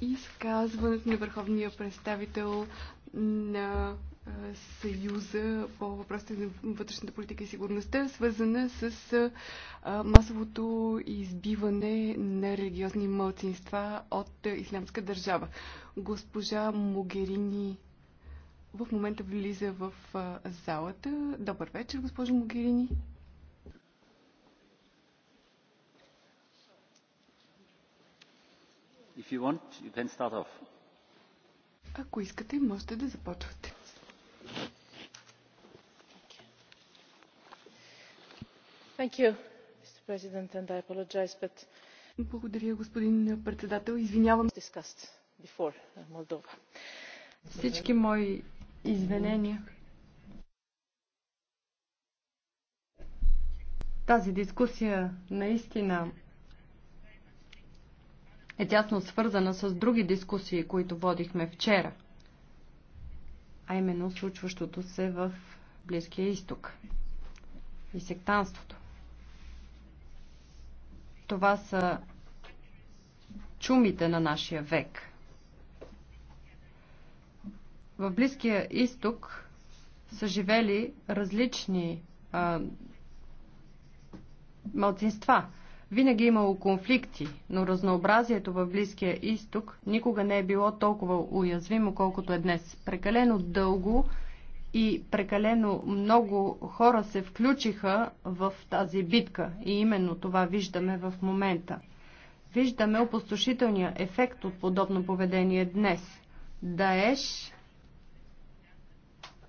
изказването на върховния представител на Съюза по въпросите на вътрешната политика и сигурността, свързана с масовото избиване на религиозни мълцинства от Ислямска държава. Госпожа Могерини в момента влиза в залата. Добър вечер, госпожо Могерини. If you want, you can start off. Ако искате, можете да започвате. Thank you, Mr. President, and I apologize, but... Благодаря, господин председател. Извинявам. Uh, Всички мои извинения. Тази дискусия наистина е тясно свързана с други дискусии, които водихме вчера, а именно случващото се в Близкия изток и сектанството. Това са чумите на нашия век. В Близкия изток са живели различни а, малцинства. Винаги е имало конфликти, но разнообразието в Близкия изток никога не е било толкова уязвимо, колкото е днес. Прекалено дълго и прекалено много хора се включиха в тази битка и именно това виждаме в момента. Виждаме опустошителния ефект от подобно поведение днес. Даеш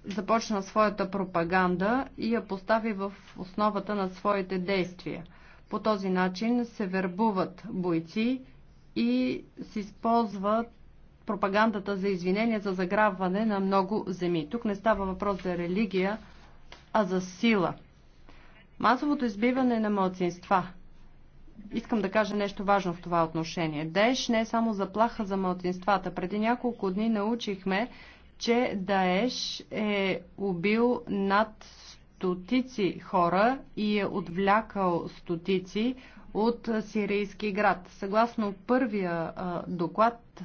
започна своята пропаганда и я постави в основата на своите действия – по този начин се вербуват бойци и се използва пропагандата за извинение за заграбване на много земи. Тук не става въпрос за религия, а за сила. Масовото избиване на младсинства. Искам да кажа нещо важно в това отношение. Даеш не е само заплаха за младсинствата. Преди няколко дни научихме, че Даеш е убил над стотици хора и е отвлякал стотици от сирийски град. Съгласно първия доклад,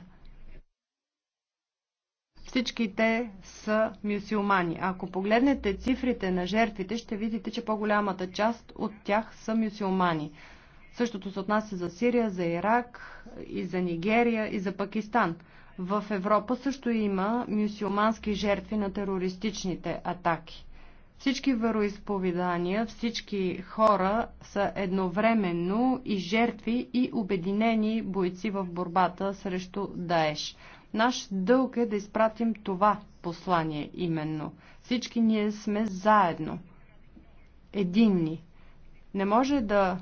всички те са мюсюлмани. Ако погледнете цифрите на жертвите, ще видите, че по-голямата част от тях са мюсюлмани. Същото се отнася за Сирия, за Ирак, и за Нигерия, и за Пакистан. В Европа също има мюсюлмански жертви на терористичните атаки. Всички вероисповедания, всички хора са едновременно и жертви и обединени бойци в борбата срещу Даеш. Наш дълг е да изпратим това послание именно. Всички ние сме заедно, единни. Не може да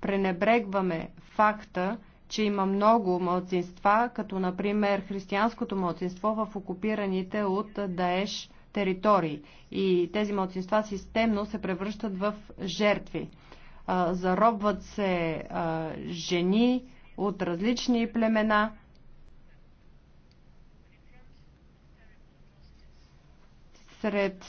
пренебрегваме факта, че има много младсинства, като например християнското младсинство в окупираните от Даеш територии. И тези младсинства системно се превръщат в жертви. Заробват се жени от различни племена. Сред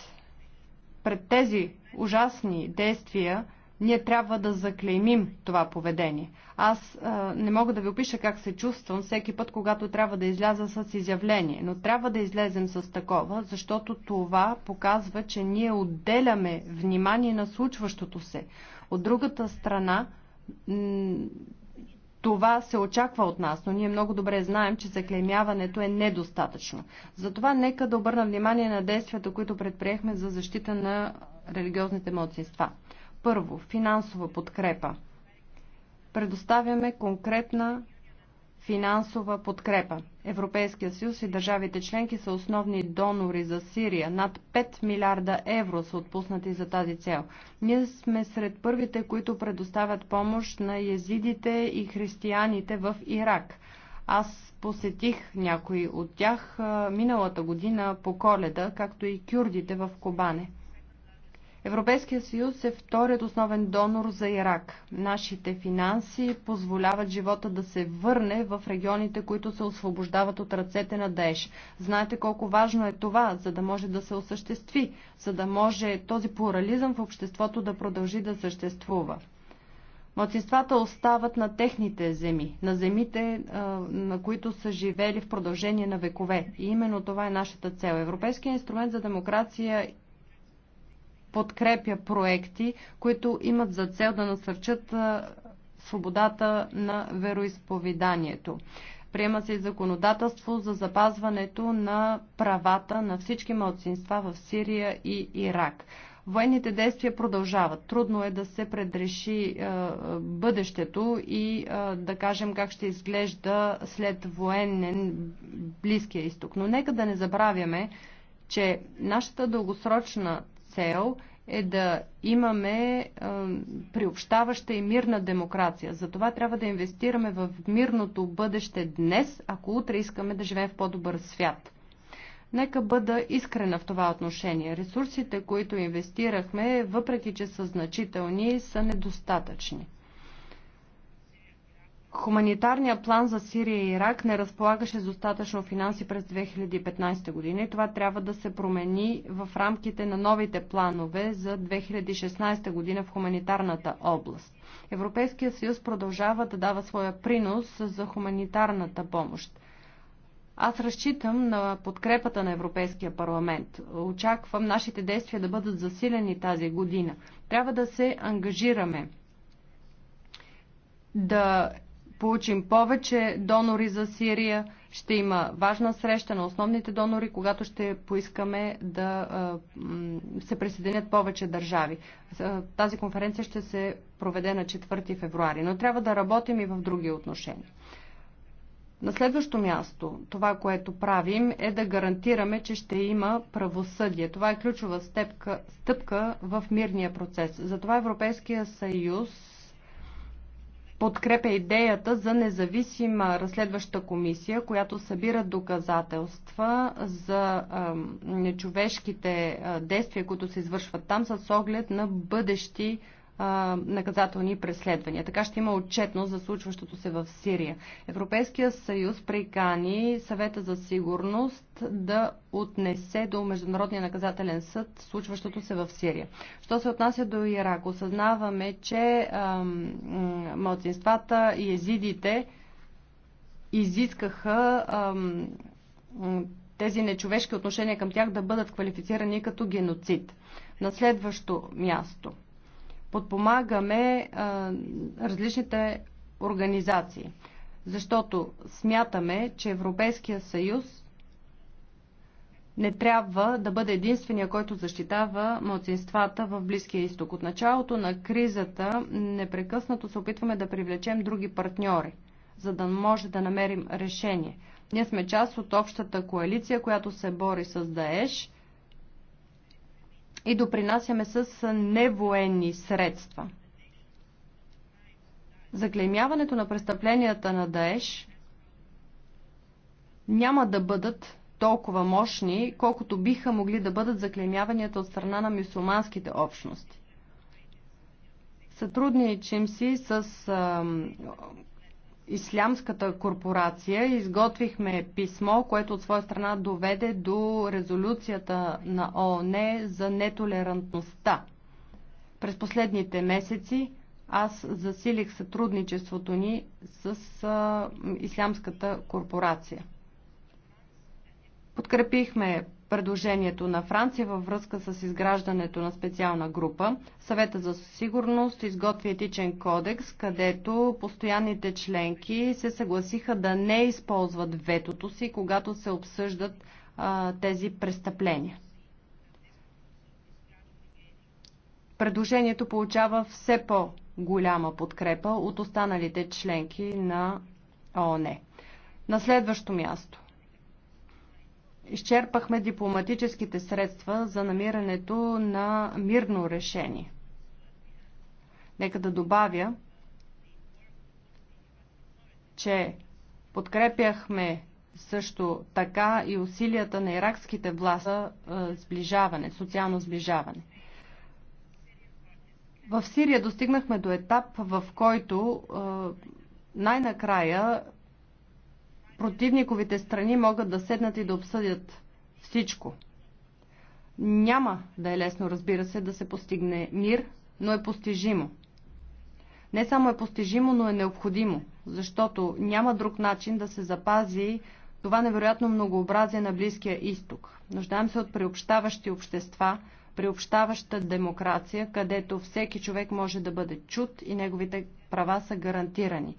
пред тези ужасни действия ние трябва да заклеймим това поведение. Аз а, не мога да ви опиша как се чувствам всеки път, когато трябва да изляза с изявление, но трябва да излезем с такова, защото това показва, че ние отделяме внимание на случващото се. От другата страна, това се очаква от нас, но ние много добре знаем, че заклеймяването е недостатъчно. Затова нека да обърна внимание на действията, които предприехме за защита на религиозните младсинства. Първо, финансова подкрепа. Предоставяме конкретна финансова подкрепа. Европейския съюз и държавите членки са основни донори за Сирия. Над 5 милиарда евро са отпуснати за тази цел. Ние сме сред първите, които предоставят помощ на езидите и християните в Ирак. Аз посетих някои от тях миналата година по коледа, както и кюрдите в Кобане. Европейския съюз е вторият основен донор за Ирак. Нашите финанси позволяват живота да се върне в регионите, които се освобождават от ръцете на ДЕШ. Знаете колко важно е това, за да може да се осъществи, за да може този плурализъм в обществото да продължи да съществува. Младсинствата остават на техните земи, на земите, на които са живели в продължение на векове. И именно това е нашата цел. Европейския инструмент за демокрация подкрепя проекти, които имат за цел да насърчат свободата на вероисповеданието. Приема се и законодателство за запазването на правата на всички младсинства в Сирия и Ирак. Военните действия продължават. Трудно е да се предреши е, бъдещето и е, да кажем как ще изглежда след военен Близкия изток. Но нека да не забравяме, че нашата дългосрочна цел е да имаме а, приобщаваща и мирна демокрация. Затова трябва да инвестираме в мирното бъдеще днес, ако утре искаме да живеем в по-добър свят. Нека бъда искрена в това отношение. Ресурсите, които инвестирахме, въпреки че са значителни, са недостатъчни. Хуманитарният план за Сирия и Ирак не разполагаше с достатъчно финанси през 2015 година и това трябва да се промени в рамките на новите планове за 2016 година в хуманитарната област. Европейския съюз продължава да дава своя принос за хуманитарната помощ. Аз разчитам на подкрепата на Европейския парламент. Очаквам нашите действия да бъдат засилени тази година. Трябва да се ангажираме да получим повече донори за Сирия. Ще има важна среща на основните донори, когато ще поискаме да се присъединят повече държави. Тази конференция ще се проведе на 4 февруари, но трябва да работим и в други отношения. На следващо място, това, което правим, е да гарантираме, че ще има правосъдие. Това е ключова стъпка в мирния процес. Затова Европейския съюз подкрепя идеята за независима разследваща комисия, която събира доказателства за нечовешките действия, които се извършват там, с оглед на бъдещи наказателни преследвания. Така ще има отчетност за случващото се в Сирия. Европейския съюз прикани съвета за сигурност да отнесе до Международния наказателен съд случващото се в Сирия. Що се отнася до Ирак, осъзнаваме, че младсинствата и езидите изискаха тези нечовешки отношения към тях да бъдат квалифицирани като геноцид. На следващо място – подпомагаме а, различните организации. Защото смятаме, че Европейския съюз не трябва да бъде единствения, който защитава младсинствата в Близкия изток. От началото на кризата непрекъснато се опитваме да привлечем други партньори, за да може да намерим решение. Ние сме част от общата коалиция, която се бори с Даеш – и допринасяме с невоенни средства. Заклеймяването на престъпленията на Даеш няма да бъдат толкова мощни, колкото биха могли да бъдат заклеймяванията от страна на мюсулманските общности. Сътрудничим си с Ислямската корпорация изготвихме писмо, което от своя страна доведе до резолюцията на ООН за нетолерантността. През последните месеци аз засилих сътрудничеството ни с а, Ислямската корпорация. Подкрепихме предложението на Франция във връзка с изграждането на специална група. Съвета за сигурност изготви етичен кодекс, където постоянните членки се съгласиха да не използват ветото си, когато се обсъждат а, тези престъпления. Предложението получава все по-голяма подкрепа от останалите членки на ООН. На следващо място изчерпахме дипломатическите средства за намирането на мирно решение. Нека да добавя, че подкрепяхме също така и усилията на иракските власти за сближаване, социално сближаване. В Сирия достигнахме до етап, в който най-накрая противниковите страни могат да седнат и да обсъдят всичко. Няма да е лесно, разбира се, да се постигне мир, но е постижимо. Не само е постижимо, но е необходимо, защото няма друг начин да се запази това невероятно многообразие на Близкия изток. Нуждаем се от приобщаващи общества, приобщаваща демокрация, където всеки човек може да бъде чут и неговите права са гарантирани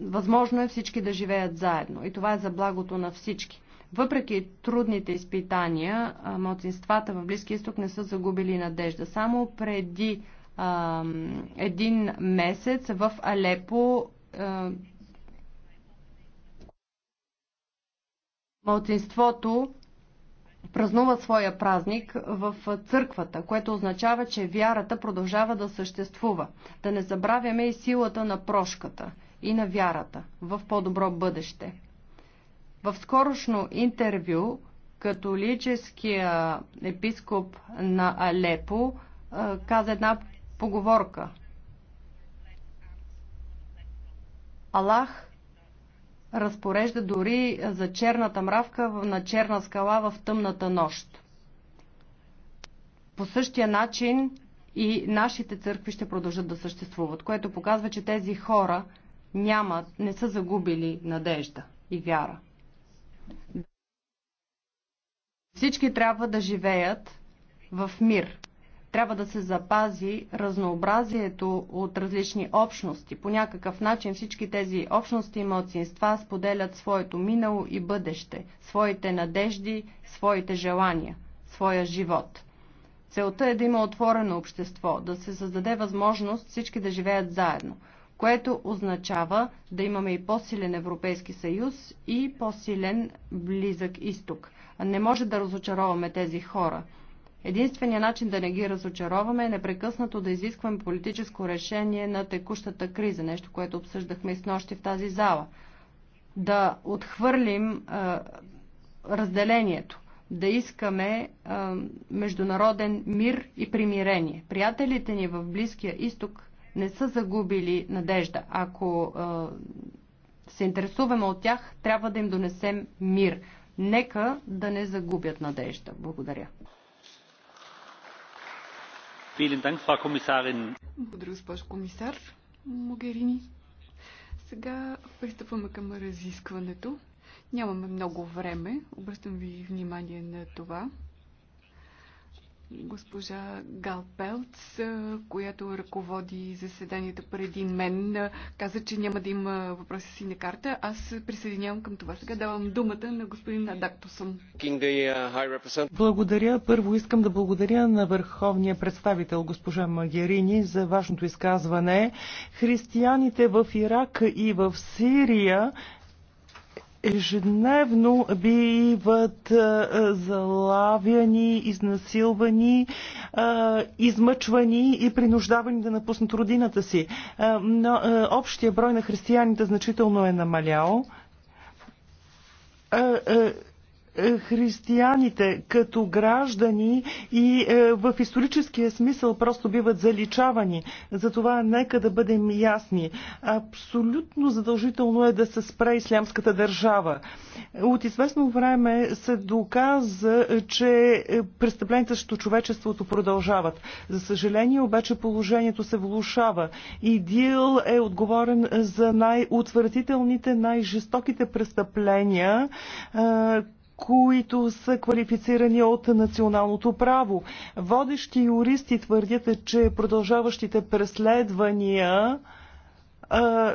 възможно е всички да живеят заедно и това е за благото на всички. Въпреки трудните изпитания, младсинствата в Близки изток не са загубили надежда. Само преди а, един месец в Алепо младсинството празнува своя празник в църквата, което означава, че вярата продължава да съществува. Да не забравяме и силата на прошката – и на вярата в по-добро бъдеще. В скорошно интервю католическия епископ на Алепо каза една поговорка. Аллах разпорежда дори за черната мравка на черна скала в тъмната нощ. По същия начин и нашите църкви ще продължат да съществуват, което показва, че тези хора нямат, не са загубили надежда и вяра. Всички трябва да живеят в мир. Трябва да се запази разнообразието от различни общности. По някакъв начин всички тези общности и младсинства споделят своето минало и бъдеще, своите надежди, своите желания, своя живот. Целта е да има отворено общество, да се създаде възможност всички да живеят заедно което означава да имаме и по-силен Европейски съюз и по-силен Близък изток. Не може да разочароваме тези хора. Единственият начин да не ги разочароваме е непрекъснато да изискваме политическо решение на текущата криза, нещо, което обсъждахме и с нощи в тази зала. Да отхвърлим а, разделението, да искаме а, международен мир и примирение. Приятелите ни в Близкия изток не са загубили надежда. Ако се интересуваме от тях, трябва да им донесем мир. Нека да не загубят надежда. Благодаря. Благодаря, госпожо комисар Могерини. Сега пристъпваме към разискването. Нямаме много време. Обръщам ви внимание на това госпожа Гал Пелц, която ръководи заседанието преди мен, каза, че няма да има въпроси си на карта. Аз присъединявам към това. Сега давам думата на господин Адактусон. Благодаря. Първо искам да благодаря на върховния представител госпожа Магерини за важното изказване. Християните в Ирак и в Сирия ежедневно биват залавяни, изнасилвани, измъчвани и принуждавани да напуснат родината си. Но общия брой на християните значително е намалял е, християните като граждани и е, в историческия смисъл просто биват заличавани. Затова нека да бъдем ясни. Абсолютно задължително е да се спре ислямската държава. От известно време се доказа, че е, престъпленията срещу човечеството продължават. За съжаление обаче положението се влушава. Идил е отговорен за най-утвърдителните, най-жестоките престъпления, които са квалифицирани от националното право. Водещи юристи твърдят, че продължаващите преследвания а,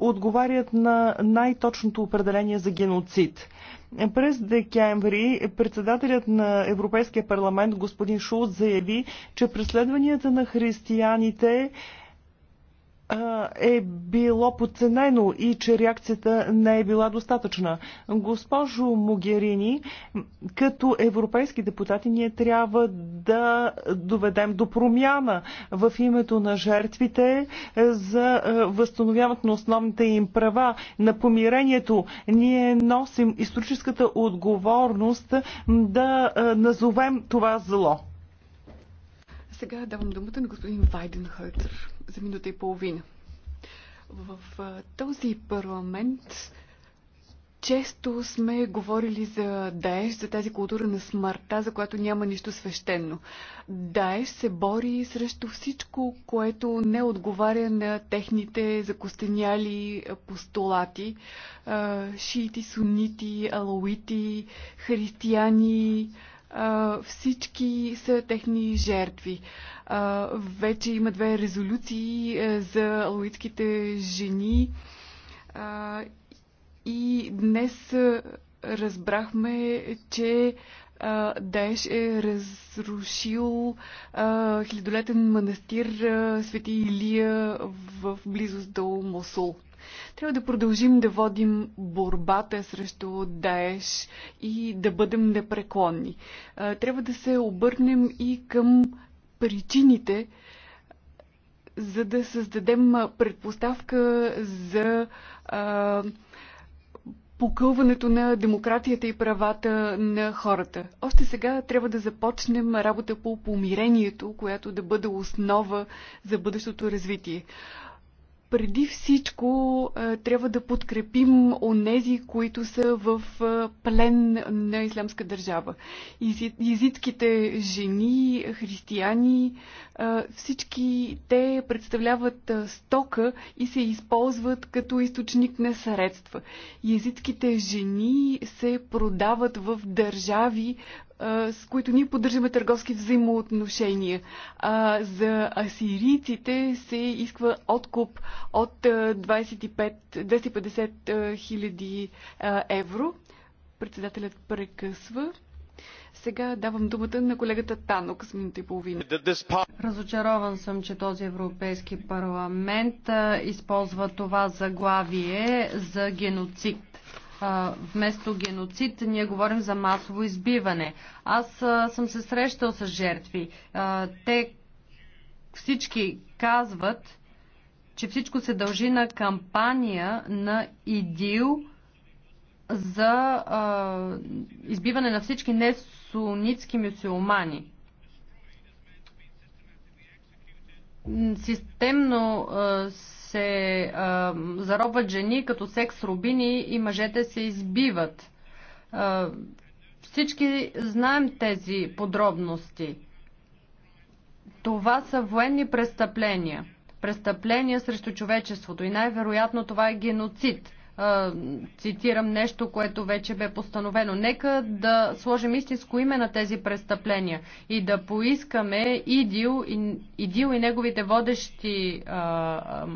отговарят на най-точното определение за геноцид. През декември председателят на Европейския парламент господин Шулц заяви, че преследванията на християните а, е било подценено и че реакцията не е била достатъчна. Госпожо Могерини, като европейски депутати ние трябва да доведем до промяна в името на жертвите за възстановяването на основните им права, на помирението. Ние носим историческата отговорност да назовем това зло. Сега давам думата на господин Вайденхъртер за минута и половина. В този парламент често сме говорили за Даеш, за тази култура на смъртта, за която няма нищо свещено. Даеш се бори срещу всичко, което не отговаря на техните закостеняли постулати. Шиити, сунити, алоити, християни, всички са техни жертви. Вече има две резолюции е, за луитските жени и днес е, разбрахме, че Даеш е разрушил хилядолетен манастир Свети Илия в близост до Мосул. Трябва да продължим да водим борбата срещу Даеш и да бъдем непреклонни. Трябва да се обърнем и към причините, за да създадем предпоставка за покълването на демокрацията и правата на хората. Още сега трябва да започнем работа по помирението, която да бъде основа за бъдещото развитие преди всичко е, трябва да подкрепим онези, които са в е, плен на ислямска държава. Езитските жени, християни, е, всички те представляват стока и се използват като източник на средства. Езитските жени се продават в държави, с които ние поддържаме търговски взаимоотношения. А за асирийците се изисква откуп от 25, 250 хиляди евро. Председателят прекъсва. Сега давам думата на колегата Танок с минута и половина. Разочарован съм, че този Европейски парламент използва това заглавие за геноцид вместо геноцид, ние говорим за масово избиване. Аз съм се срещал с жертви. Те всички казват, че всичко се дължи на кампания на ИДИЛ за избиване на всички несунитски мюсюлмани. Системно се се а, заробват жени като секс рубини и мъжете се избиват. А, всички знаем тези подробности. Това са военни престъпления. Престъпления срещу човечеството и най-вероятно това е геноцид цитирам нещо, което вече бе постановено. Нека да сложим истинско име на тези престъпления и да поискаме Идил и, Идил и неговите водещи а, а,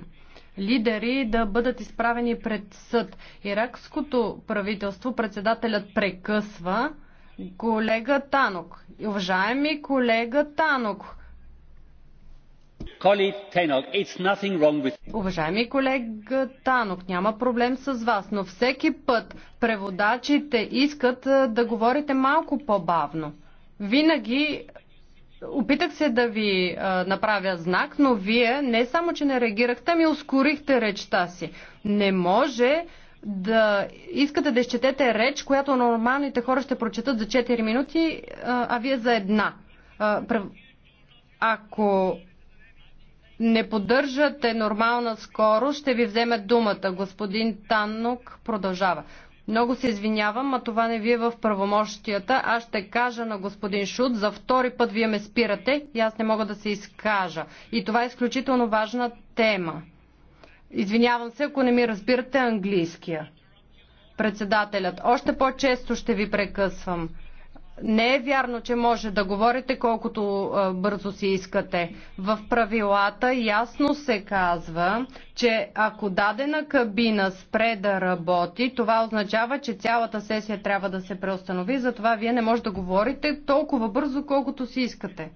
лидери да бъдат изправени пред съд. Иракското правителство, председателят прекъсва колега Танок. Уважаеми колега Танок, Уважаеми колега Танок, няма проблем с вас, но всеки път преводачите искат да говорите малко по-бавно. Винаги Опитах се да ви а, направя знак, но вие не само, че не реагирахте, ми ускорихте речта си. Не може да искате да изчетете реч, която нормалните хора ще прочетат за 4 минути, а, а вие за една. А, ако не поддържате нормална скорост, ще ви вземе думата. Господин Таннок продължава. Много се извинявам, а това не ви е в правомощията. Аз ще кажа на господин Шут, за втори път вие ме спирате и аз не мога да се изкажа. И това е изключително важна тема. Извинявам се, ако не ми разбирате английския. Председателят, още по-често ще ви прекъсвам. Не е вярно, че може да говорите колкото бързо си искате. В правилата ясно се казва, че ако дадена кабина спре да работи, това означава, че цялата сесия трябва да се преустанови, затова вие не може да говорите толкова бързо, колкото си искате.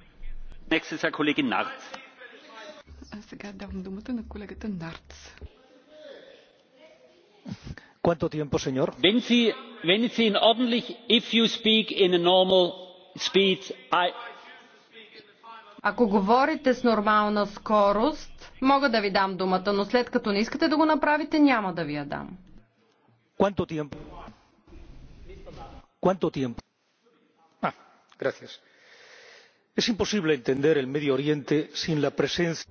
А сега давам думата на колегата Нарц cuánto tiempo señor? wenn sie ordentlich if you speak in a normal speed i ако говорите с нормална скорост, мога да ви дам думата, но след като не искате да го направите, няма да ви я дам. ¿Cuánto tiempo? ¿Cuánto tiempo? Ah, gracias. Es imposible entender el Medio Oriente sin la presencia.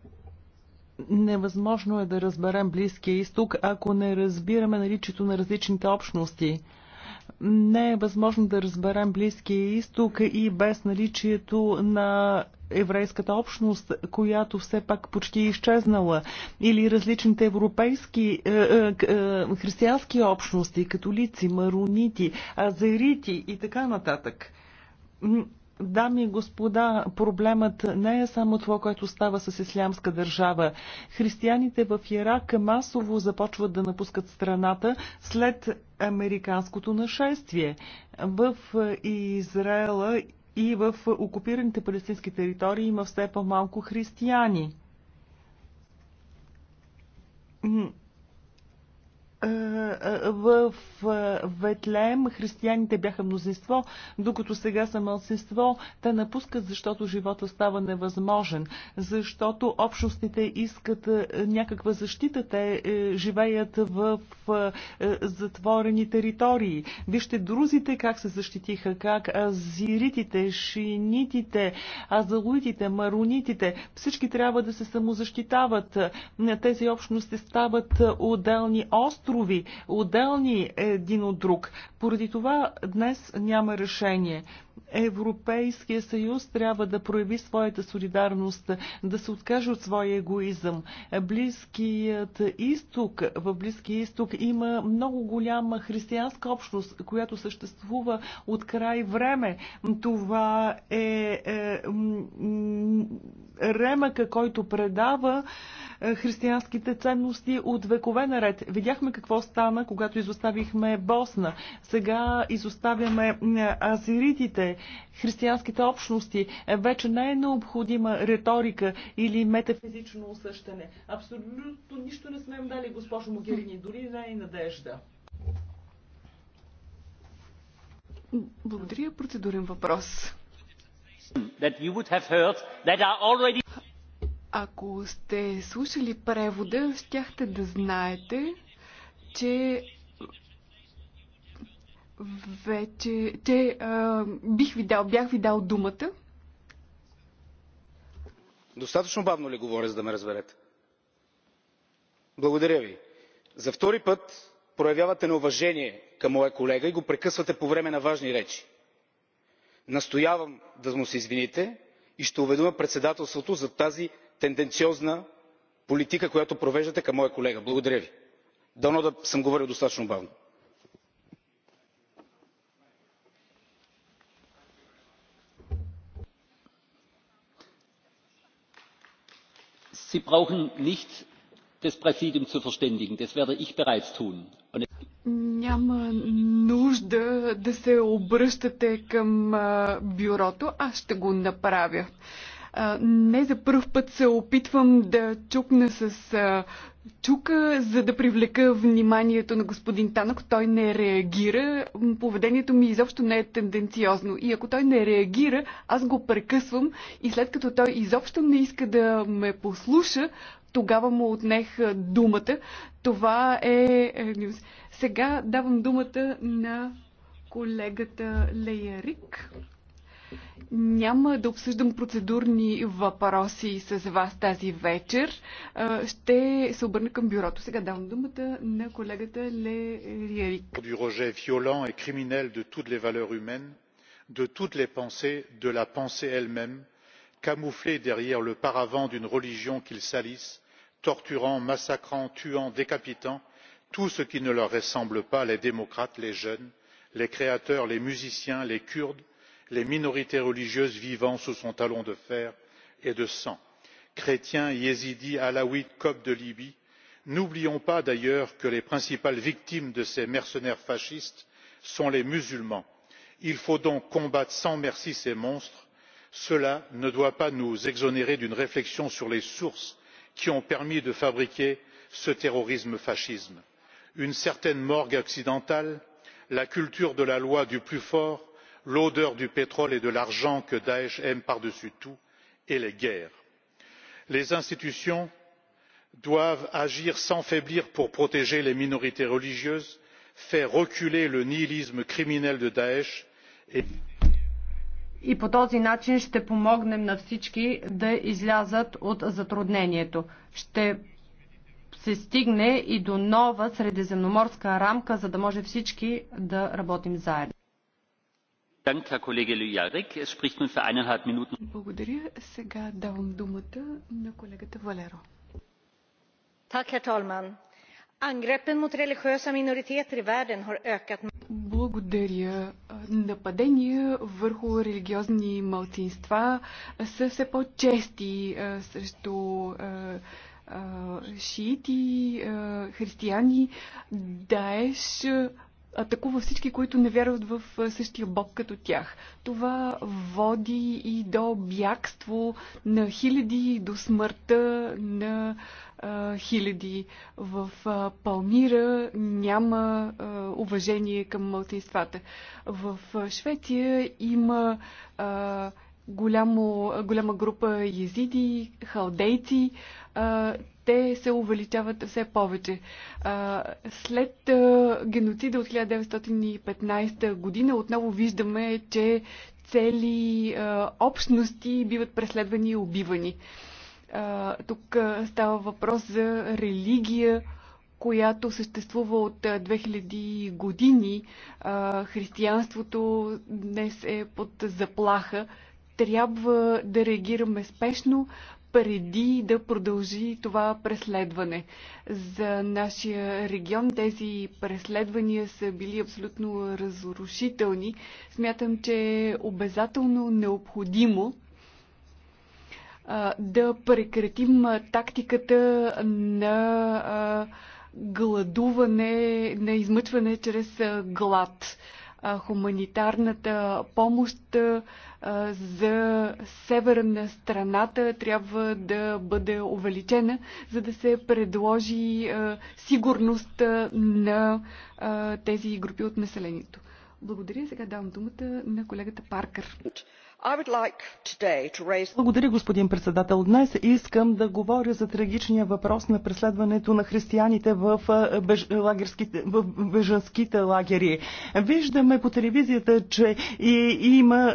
Невъзможно е да разберем Близкия изток, ако не разбираме наличието на различните общности. Не е възможно да разберем Близкия изток и без наличието на еврейската общност, която все пак почти е изчезнала, или различните европейски е, е, е, християнски общности, католици, марунити, азерити и така нататък. Дами и господа, проблемът не е само това, което става с ислямска държава. Християните в Ирак масово започват да напускат страната след американското нашествие. В Израела и в окупираните палестински територии има все по-малко християни. Е, е, в е, Ветлеем християните бяха мнозинство, докато сега са мълцинство. Те напускат, защото живота става невъзможен, защото общностите искат някаква защита. Те живеят в затворени територии. Вижте друзите как се защитиха, как азиритите, шинитите, азалуитите, маронитите, всички трябва да се самозащитават. Тези общности стават отделни острови острови, отделни един от друг. Поради това днес няма решение. Европейския съюз трябва да прояви своята солидарност, да се откаже от своя егоизъм. Близкият изток, в Близкия изток има много голяма християнска общност, която съществува от край време. Това е, е ремъка, който предава е, християнските ценности от векове наред. Видяхме какво стана, когато изоставихме Босна. Сега изоставяме азиритите, християнските общности. Вече не е необходима риторика или метафизично усъщане. Абсолютно нищо не сме им дали, госпожо Могерини, дори не е надежда. Благодаря. Процедурен въпрос. Already... Ако сте слушали превода, щяхте да знаете, че вече те а, бих ви дал, бях ви дал думата. Достатъчно бавно ли говоря, за да ме разберете? Благодаря ви. За втори път проявявате неуважение към моя колега и го прекъсвате по време на важни речи. Настоявам да му се извините и ще уведомя председателството за тази тенденциозна политика, която провеждате към моя колега. Благодаря ви. Дано да съм говорил достатъчно бавно. sie brauchen nicht das Präsidium zu verständigen. Das werde ich bereits tun. Няма нужда да се обръщате към бюрото. Аз ще го направя. Не за първ път се опитвам да чукна с тук, за да привлека вниманието на господин Танък. Той не реагира. Поведението ми изобщо не е тенденциозно. И ако той не реагира, аз го прекъсвам и след като той изобщо не иска да ме послуша, тогава му отнех думата. Това е... е Сега давам думата на колегата Леярик. Няма да обсъждам процедурни въпроси с вас тази вечер. Ще се обърна към бюрото. Сега давам думата на колегата Ле Риерик. Du rejet violent et criminel de toutes les valeurs humaines, de toutes les pensées, de la pensée elle-même, camouflée derrière le paravent d'une religion qu'ils salissent, torturant, massacrant, tuant, décapitant, tout ce qui ne leur ressemble pas les démocrates, les jeunes, les créateurs, les musiciens, les kurdes, les minorités religieuses vivant sous son talon de fer et de sang chrétiens yézidis alaouites coptes de libye. n'oublions pas d'ailleurs que les principales victimes de ces mercenaires fascistes sont les musulmans. il faut donc combattre sans merci ces monstres. cela ne doit pas nous exonérer d'une réflexion sur les sources qui ont permis de fabriquer ce terrorisme fasciste une certaine morgue occidentale la culture de la loi du plus fort l'odeur du pétrole et de l'argent que daech aime par dessus tout et les guerres. les institutions doivent agir sans faiblir pour protéger les minorités religieuses faire reculer le nihilisme criminel de daech et и по този начин ще помогнем на всички да излязат от затруднението. Ще се стигне и до нова средиземноморска рамка, за да може всички да работим заедно. Благодаря. Сега давам думата на колегата Валеро. Благодаря. Нападения върху религиозни малцинства са все по-чести срещу шиити, християни. Даеш атакува всички, които не вярват в същия Бог като тях. Това води и до бягство на хиляди, до смъртта на а, хиляди. В а, Палмира няма а, уважение към мълтинствата. В а, Швеция има а, голямо, голяма група езиди, халдейци. А, те се увеличават все повече. След геноцида от 1915 година отново виждаме, че цели общности биват преследвани и убивани. Тук става въпрос за религия, която съществува от 2000 години. Християнството днес е под заплаха. Трябва да реагираме спешно преди да продължи това преследване. За нашия регион тези преследвания са били абсолютно разрушителни. Смятам, че е обязателно необходимо да прекратим тактиката на гладуване, на измъчване чрез глад хуманитарната помощ за севера на страната трябва да бъде увеличена, за да се предложи сигурност на тези групи от населението. Благодаря. Сега давам думата на колегата Паркър. Благодаря, господин председател. Днес искам да говоря за трагичния въпрос на преследването на християните в, беж... лагерските... в бежанските лагери. Виждаме по телевизията, че и, има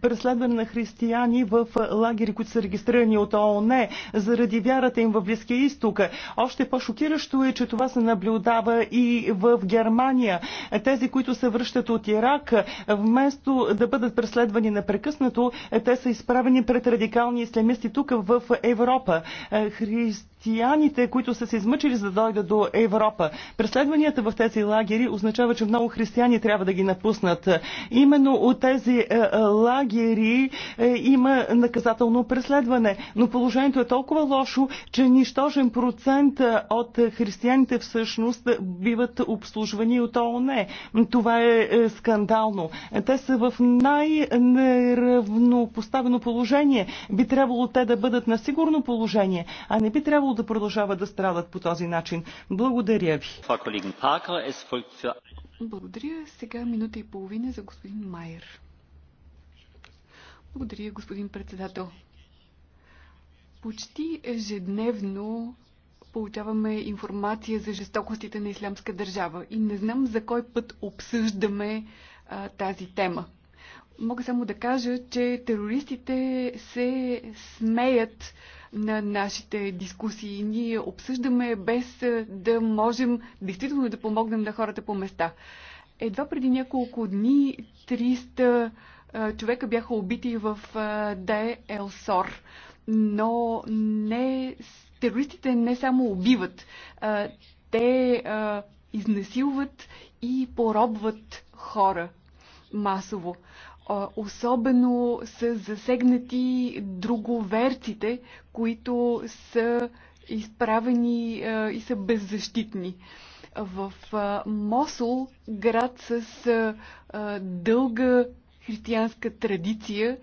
преследване на християни в лагери, които са регистрирани от ООН, заради вярата им в Близкия изток. Още по-шокиращо е, че това се наблюдава и в Германия. Тези, които се връщат от Ирак, вместо да бъдат преследвани непрекъснато, те са изправени пред радикални ислямисти тук в Европа. Християните, които са се измъчили за да дойдат до Европа, преследванията в тези лагери означава, че много християни трябва да ги напуснат. Именно от тези е, е, лагери е, има наказателно преследване. Но положението е толкова лошо, че нищожен процент е, от християните всъщност биват обслужвани от ООН. Това е, е скандално. Те са в най-неравнопоставено положение. Би трябвало те да бъдат на сигурно положение, а не би трябвало да продължават да страдат по този начин. Благодаря ви. Благодаря. Сега минута и половина за господин Майер. Благодаря, господин председател. Почти ежедневно получаваме информация за жестокостите на Ислямска държава и не знам за кой път обсъждаме а, тази тема. Мога само да кажа, че терористите се смеят на нашите дискусии. Ние обсъждаме без да можем действително да помогнем на хората по места. Едва преди няколко дни 300 е, човека бяха убити в е, Де Елсор. Но не, терористите не само убиват, е, те изнасилват и поробват хора масово. Особено са засегнати друговерците, които са изправени и са беззащитни в а, Мосул, град с а, дълга християнска традиция,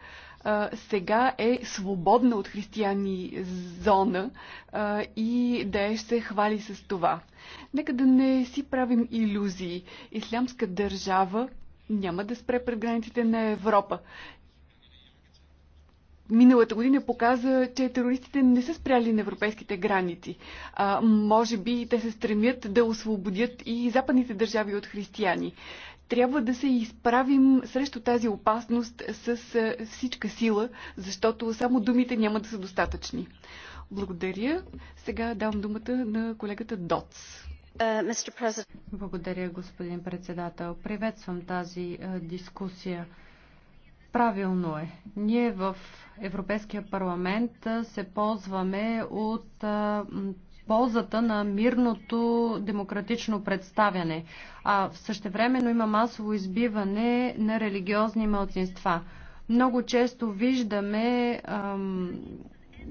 а, сега е свободна от християни зона а, и Даеш се хвали с това. Нека да не си правим иллюзии. Ислямска държава няма да спре пред границите на Европа. Миналата година показа, че терористите не са спряли на европейските граници. А, може би те се стремят да освободят и западните държави от християни. Трябва да се изправим срещу тази опасност с всичка сила, защото само думите няма да са достатъчни. Благодаря. Сега давам думата на колегата Доц. Е, Благодаря, господин председател. Приветствам тази е, дискусия. Правилно е. Ние в Европейския парламент е, се ползваме от ползата на мирното демократично представяне. А в същевременно има масово избиване на религиозни мълцинства. Много често виждаме ам,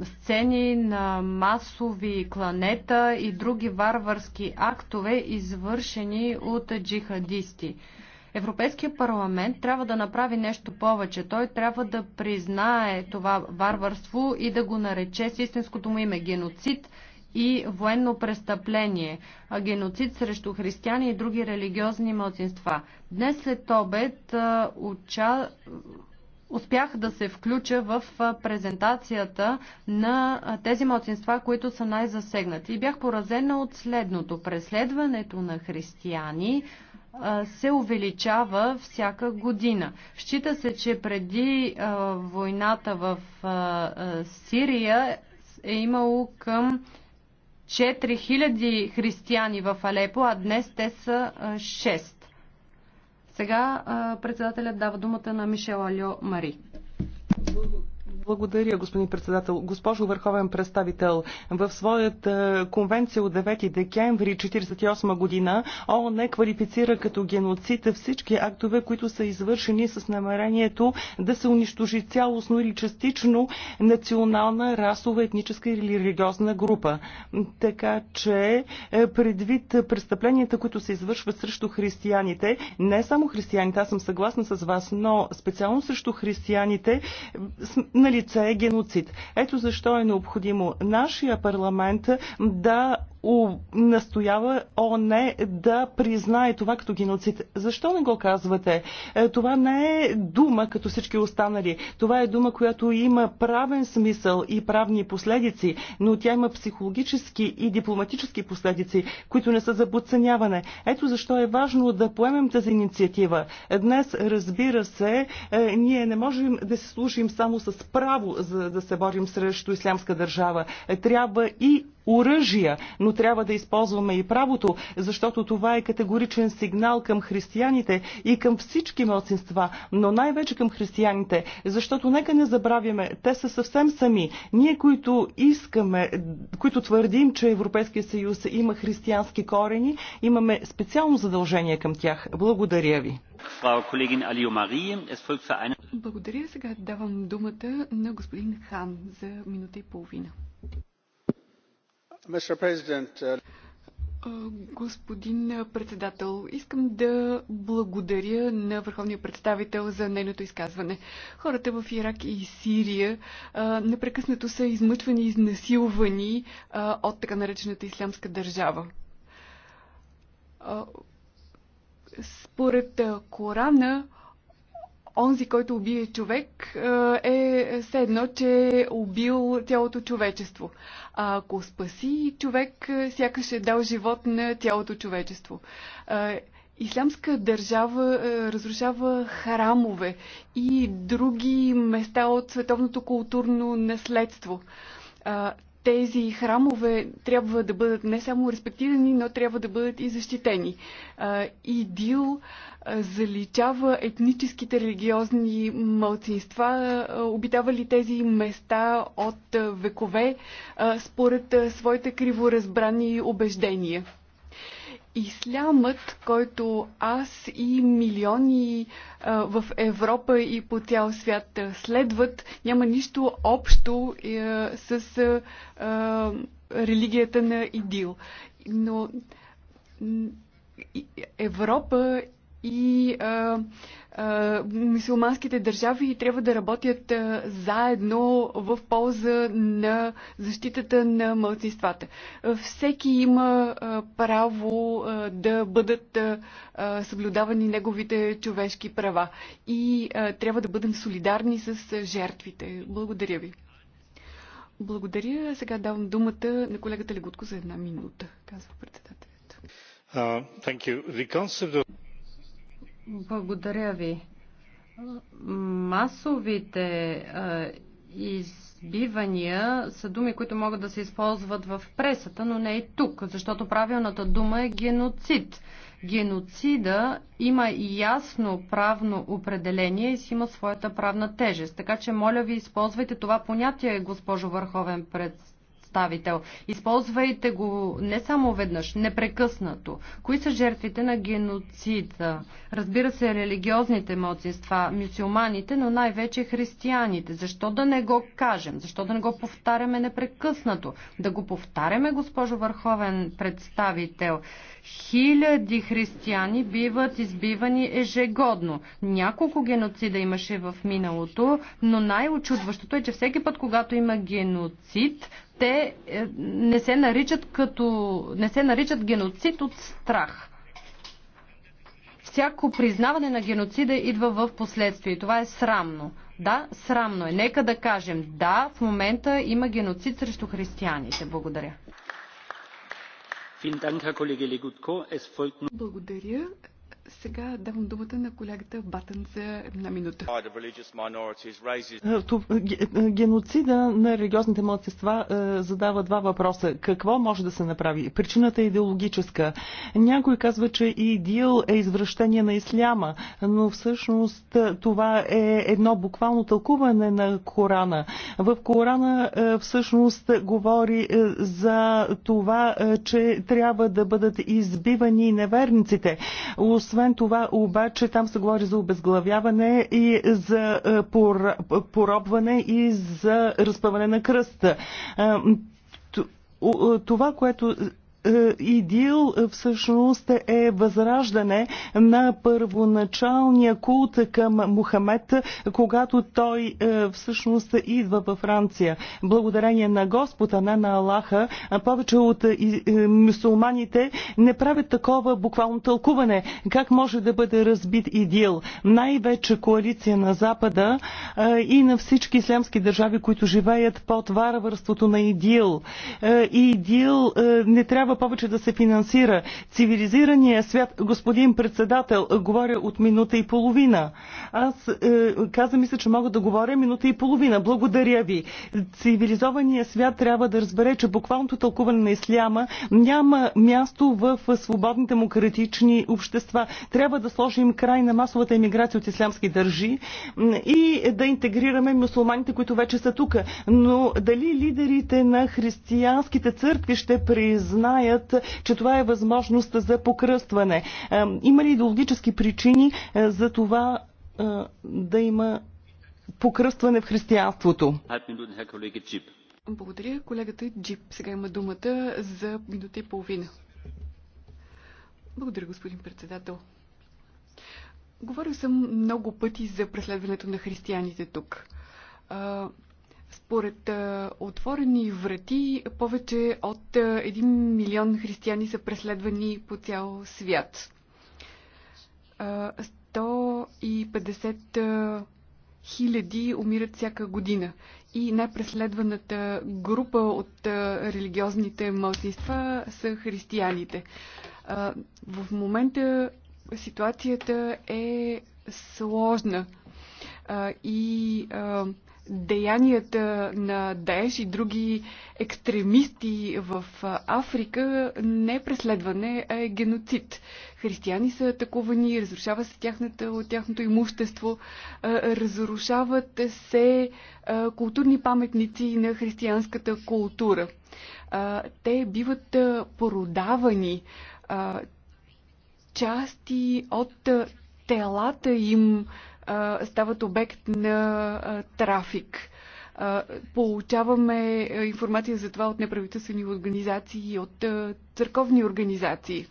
сцени на масови кланета и други варварски актове, извършени от джихадисти. Европейския парламент трябва да направи нещо повече. Той трябва да признае това варварство и да го нарече с истинското му име геноцид и военно престъпление, геноцид срещу християни и други религиозни младсинства. Днес след обед уча... успях да се включа в презентацията на тези младсинства, които са най-засегнати. И бях поразена от следното. Преследването на християни се увеличава всяка година. Счита се, че преди войната в Сирия е имало към 4000 християни в Алепо, а днес те са 6. Сега председателят дава думата на Мишел Альо Мари. Благодаря, господин председател. Госпожо Върховен представител, в своята конвенция от 9 декември 1948 година ООН квалифицира като геноцид всички актове, които са извършени с намерението да се унищожи цялостно или частично национална, расова, етническа или религиозна група. Така че е, предвид престъпленията, които се извършват срещу християните, не само християните, аз съм съгласна с вас, но специално срещу християните, нали лице е геноцид. Ето защо е необходимо нашия парламент да настоява ОНЕ да признае това като геноцид. Защо не го казвате? Е, това не е дума като всички останали. Това е дума, която има правен смисъл и правни последици, но тя има психологически и дипломатически последици, които не са за подценяване. Ето защо е важно да поемем тази инициатива. Днес, разбира се, е, ние не можем да се служим само с право, за да се борим срещу ислямска държава. Трябва и оръжия, но трябва да използваме и правото, защото това е категоричен сигнал към християните и към всички младсинства, но най-вече към християните, защото нека не забравяме, те са съвсем сами. Ние, които искаме, които твърдим, че Европейския съюз има християнски корени, имаме специално задължение към тях. Благодаря ви. Благодаря. Сега давам думата на господин Хан за минута и половина. Uh, господин председател, искам да благодаря на върховния представител за нейното изказване. Хората в Ирак и Сирия непрекъснато са измъчвани и изнасилвани от така наречената ислямска държава. според Корана, онзи, който убие човек, е, е все едно, че е убил цялото човечество. А ако спаси човек, е, сякаш е дал живот на цялото човечество. Е, Ислямска държава разрушава храмове и други места от световното културно наследство тези храмове трябва да бъдат не само респектирани, но трябва да бъдат и защитени. ИДИЛ заличава етническите религиозни мълцинства, обитавали тези места от векове според своите криворазбрани убеждения. Ислямът, който аз и милиони в Европа и по цял свят следват, няма нищо общо е, с религията на Идил. Но Европа и а, а, мусулманските държави трябва да работят а, заедно в полза на защитата на мълцинствата. Всеки има а, право а, да бъдат а, съблюдавани неговите човешки права и а, трябва да бъдем солидарни с жертвите. Благодаря ви. Благодаря. Сега давам думата на колегата Легутко за една минута, казва председателят. Uh, thank you. The concept of... Благодаря ви. Масовите а, избивания са думи, които могат да се използват в пресата, но не и тук, защото правилната дума е геноцид. Геноцида има ясно правно определение и си има своята правна тежест. Така че, моля ви, използвайте това понятие, госпожо Върховен представител представител. Използвайте го не само веднъж, непрекъснато. Кои са жертвите на геноцида? Разбира се, религиозните младсинства, мюсюлманите, но най-вече християните. Защо да не го кажем? Защо да не го повтаряме непрекъснато? Да го повтаряме, госпожо Върховен представител. Хиляди християни биват избивани ежегодно. Няколко геноцида имаше в миналото, но най-очудващото е, че всеки път, когато има геноцид, те е, не се наричат като не се наричат геноцид от страх. Всяко признаване на геноцида идва в последствие. Това е срамно. Да, срамно е. Нека да кажем, да, в момента има геноцид срещу християните. Благодаря. Благодаря. Сега давам думата на колегата Батън за една минута. Е, е, е, геноцида на религиозните младсества задава два въпроса. Какво може да се направи? Причината е идеологическа. Някой казва, че идил е извращение на исляма, но всъщност това е едно буквално тълкуване на Корана. В Корана всъщност говори за това, че трябва да бъдат избивани неверниците. Освен това, обаче, там се говори за обезглавяване и за е, поробване и за разпъване на кръста. Е, е, това, което е, идил е, всъщност е възраждане на първоначалния култ към Мухамед, когато той е, всъщност идва във Франция. Благодарение на Господа, не на Аллаха, повече от мусулманите не правят такова буквално тълкуване. Как може да бъде разбит Идил? Най-вече коалиция на Запада и на всички ислямски държави, които живеят под варварството на Идил. Идил не трябва трябва повече да се финансира. Цивилизирания свят, господин председател, говоря от минута и половина. Аз е, каза мисля, че мога да говоря минута и половина. Благодаря ви. Цивилизования свят трябва да разбере, че буквалното тълкуване на исляма няма място в свободни демократични общества. Трябва да сложим край на масовата емиграция от ислямски държи и да интегрираме мусулманите, които вече са тук. Но дали лидерите на християнските църкви ще признаят знаят, че това е възможност за покръстване. Е, има ли идеологически причини е, за това е, да има покръстване в християнството? Благодаря. Колегата Джип сега има думата за минута и половина. Благодаря, господин председател. Говорил съм много пъти за преследването на християните тук. Според а, отворени врати, повече от а, 1 милион християни са преследвани по цял свят. А, 150 хиляди умират всяка година. И най-преследваната група от а, религиозните мълцинства са християните. А, в момента ситуацията е сложна а, и деянията на Даеш и други екстремисти в Африка не е преследване, а е геноцид. Християни са атакувани, разрушава се тяхната, тяхното имущество, разрушават се културни паметници на християнската култура. Те биват продавани части от телата им стават обект на трафик. Получаваме информация за това от неправителствени организации и от църковни организации.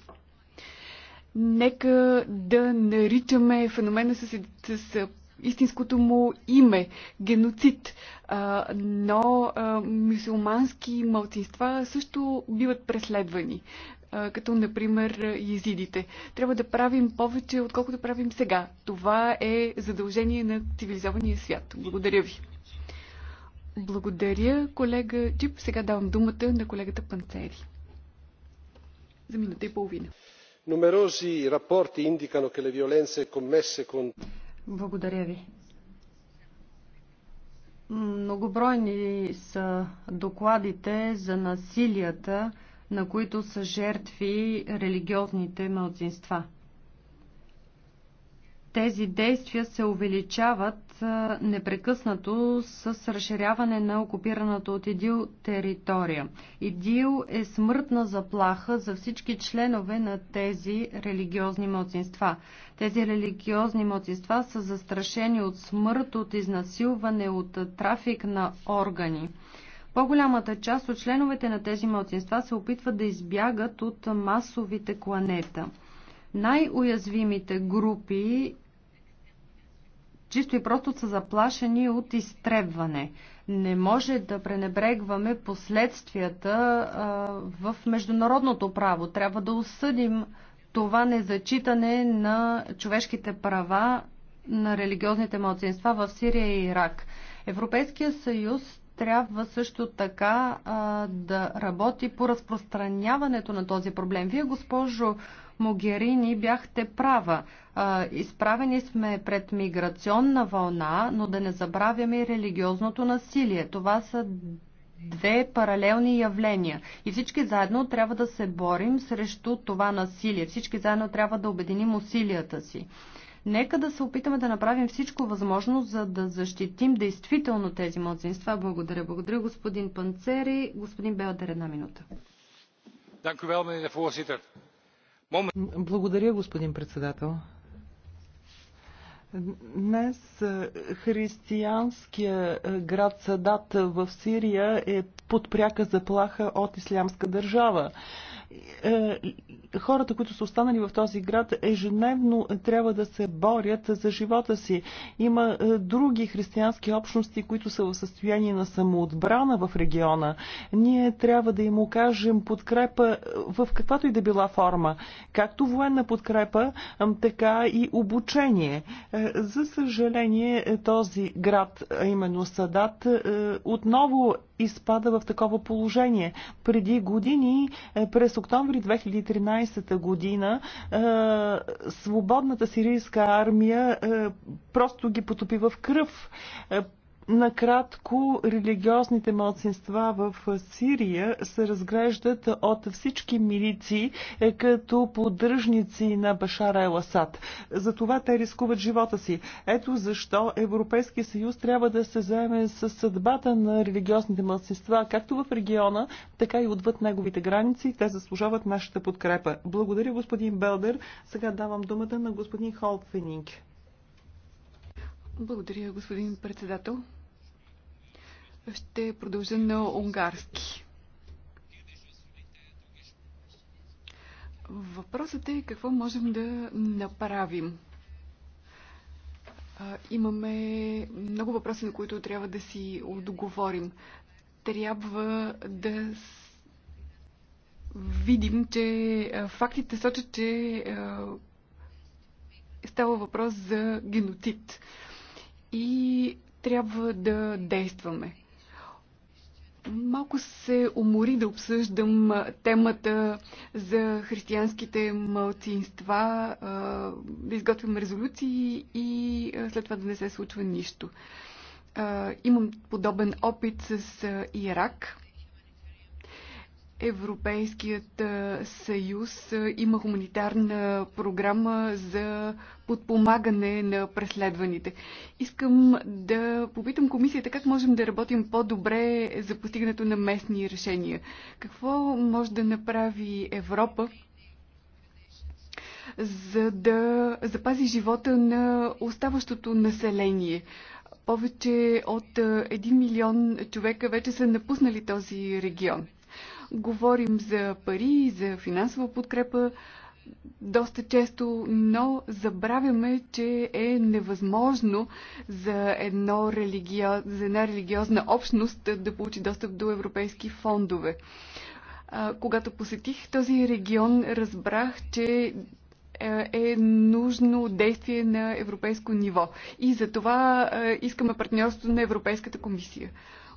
Нека да наричаме феномена с, с истинското му име геноцид. А, но а, мусулмански малцинства също биват преследвани като например езидите. Трябва да правим повече, отколкото правим сега. Това е задължение на цивилизования свят. Благодаря ви. Благодаря, колега Джип. Сега давам думата на колегата Панцери. За минута и половина. Numerosi rapporti indicano che le violenze commesse con... Благодаря ви. Многобройни са докладите за насилията, на които са жертви религиозните мълцинства. Тези действия се увеличават непрекъснато с разширяване на окупираната от ИДИЛ територия. ИДИЛ е смъртна заплаха за всички членове на тези религиозни младсинства. Тези религиозни младсинства са застрашени от смърт, от изнасилване, от трафик на органи. По-голямата част от членовете на тези младсинства се опитват да избягат от масовите кланета. Най-уязвимите групи чисто и просто са заплашени от изтребване. Не може да пренебрегваме последствията а, в международното право. Трябва да осъдим това незачитане на човешките права на религиозните младсинства в Сирия и Ирак. Европейския съюз трябва също така а, да работи по разпространяването на този проблем. Вие, госпожо Могерини, бяхте права. А, изправени сме пред миграционна вълна, но да не забравяме и религиозното насилие. Това са две паралелни явления. И всички заедно трябва да се борим срещу това насилие. Всички заедно трябва да обединим усилията си. Нека да се опитаме да направим всичко възможно, за да защитим действително тези младсинства. Благодаря. Благодаря господин Панцери. Господин Белдер, една минута. Благодаря, господин председател. Днес е, християнския е, град Садат в Сирия е под пряка заплаха от ислямска държава. Е, хората, които са останали в този град, ежедневно трябва да се борят за живота си. Има е, други християнски общности, които са в състояние на самоотбрана в региона. Ние трябва да им окажем подкрепа е, в каквато и да била форма, както военна подкрепа, така и обучение. Е, за съжаление, този град, именно Садат, отново изпада в такова положение. Преди години, през октомври 2013 2014 година свободната сирийска армия просто ги потопи в кръв. Накратко, религиозните младсинства в Сирия се разглеждат от всички милиции е, като поддръжници на Башара Еласад. За това те рискуват живота си. Ето защо Европейския съюз трябва да се заеме с съдбата на религиозните младсинства, както в региона, така и отвъд неговите граници. Те заслужават нашата подкрепа. Благодаря, господин Белдер. Сега давам думата на господин Холфенинг. Благодаря, господин председател. Ще продължа на унгарски. Въпросът е какво можем да направим. Имаме много въпроси, на които трябва да си отговорим. Трябва да видим, че фактите сочат, че става въпрос за геноцид и трябва да действаме. Малко се умори да обсъждам темата за християнските мълцинства, да изготвям резолюции и след това да не се случва нищо. Имам подобен опит с Ирак Европейският съюз има хуманитарна програма за подпомагане на преследваните. Искам да попитам комисията как можем да работим по-добре за постигането на местни решения. Какво може да направи Европа, за да запази живота на оставащото население? Повече от 1 милион човека вече са напуснали този регион. Говорим за пари, за финансова подкрепа доста често, но забравяме, че е невъзможно за, едно религио... за една религиозна общност да получи достъп до европейски фондове. А, когато посетих този регион, разбрах, че е, е нужно действие на европейско ниво. И за това е, искаме партньорство на Европейската комисия.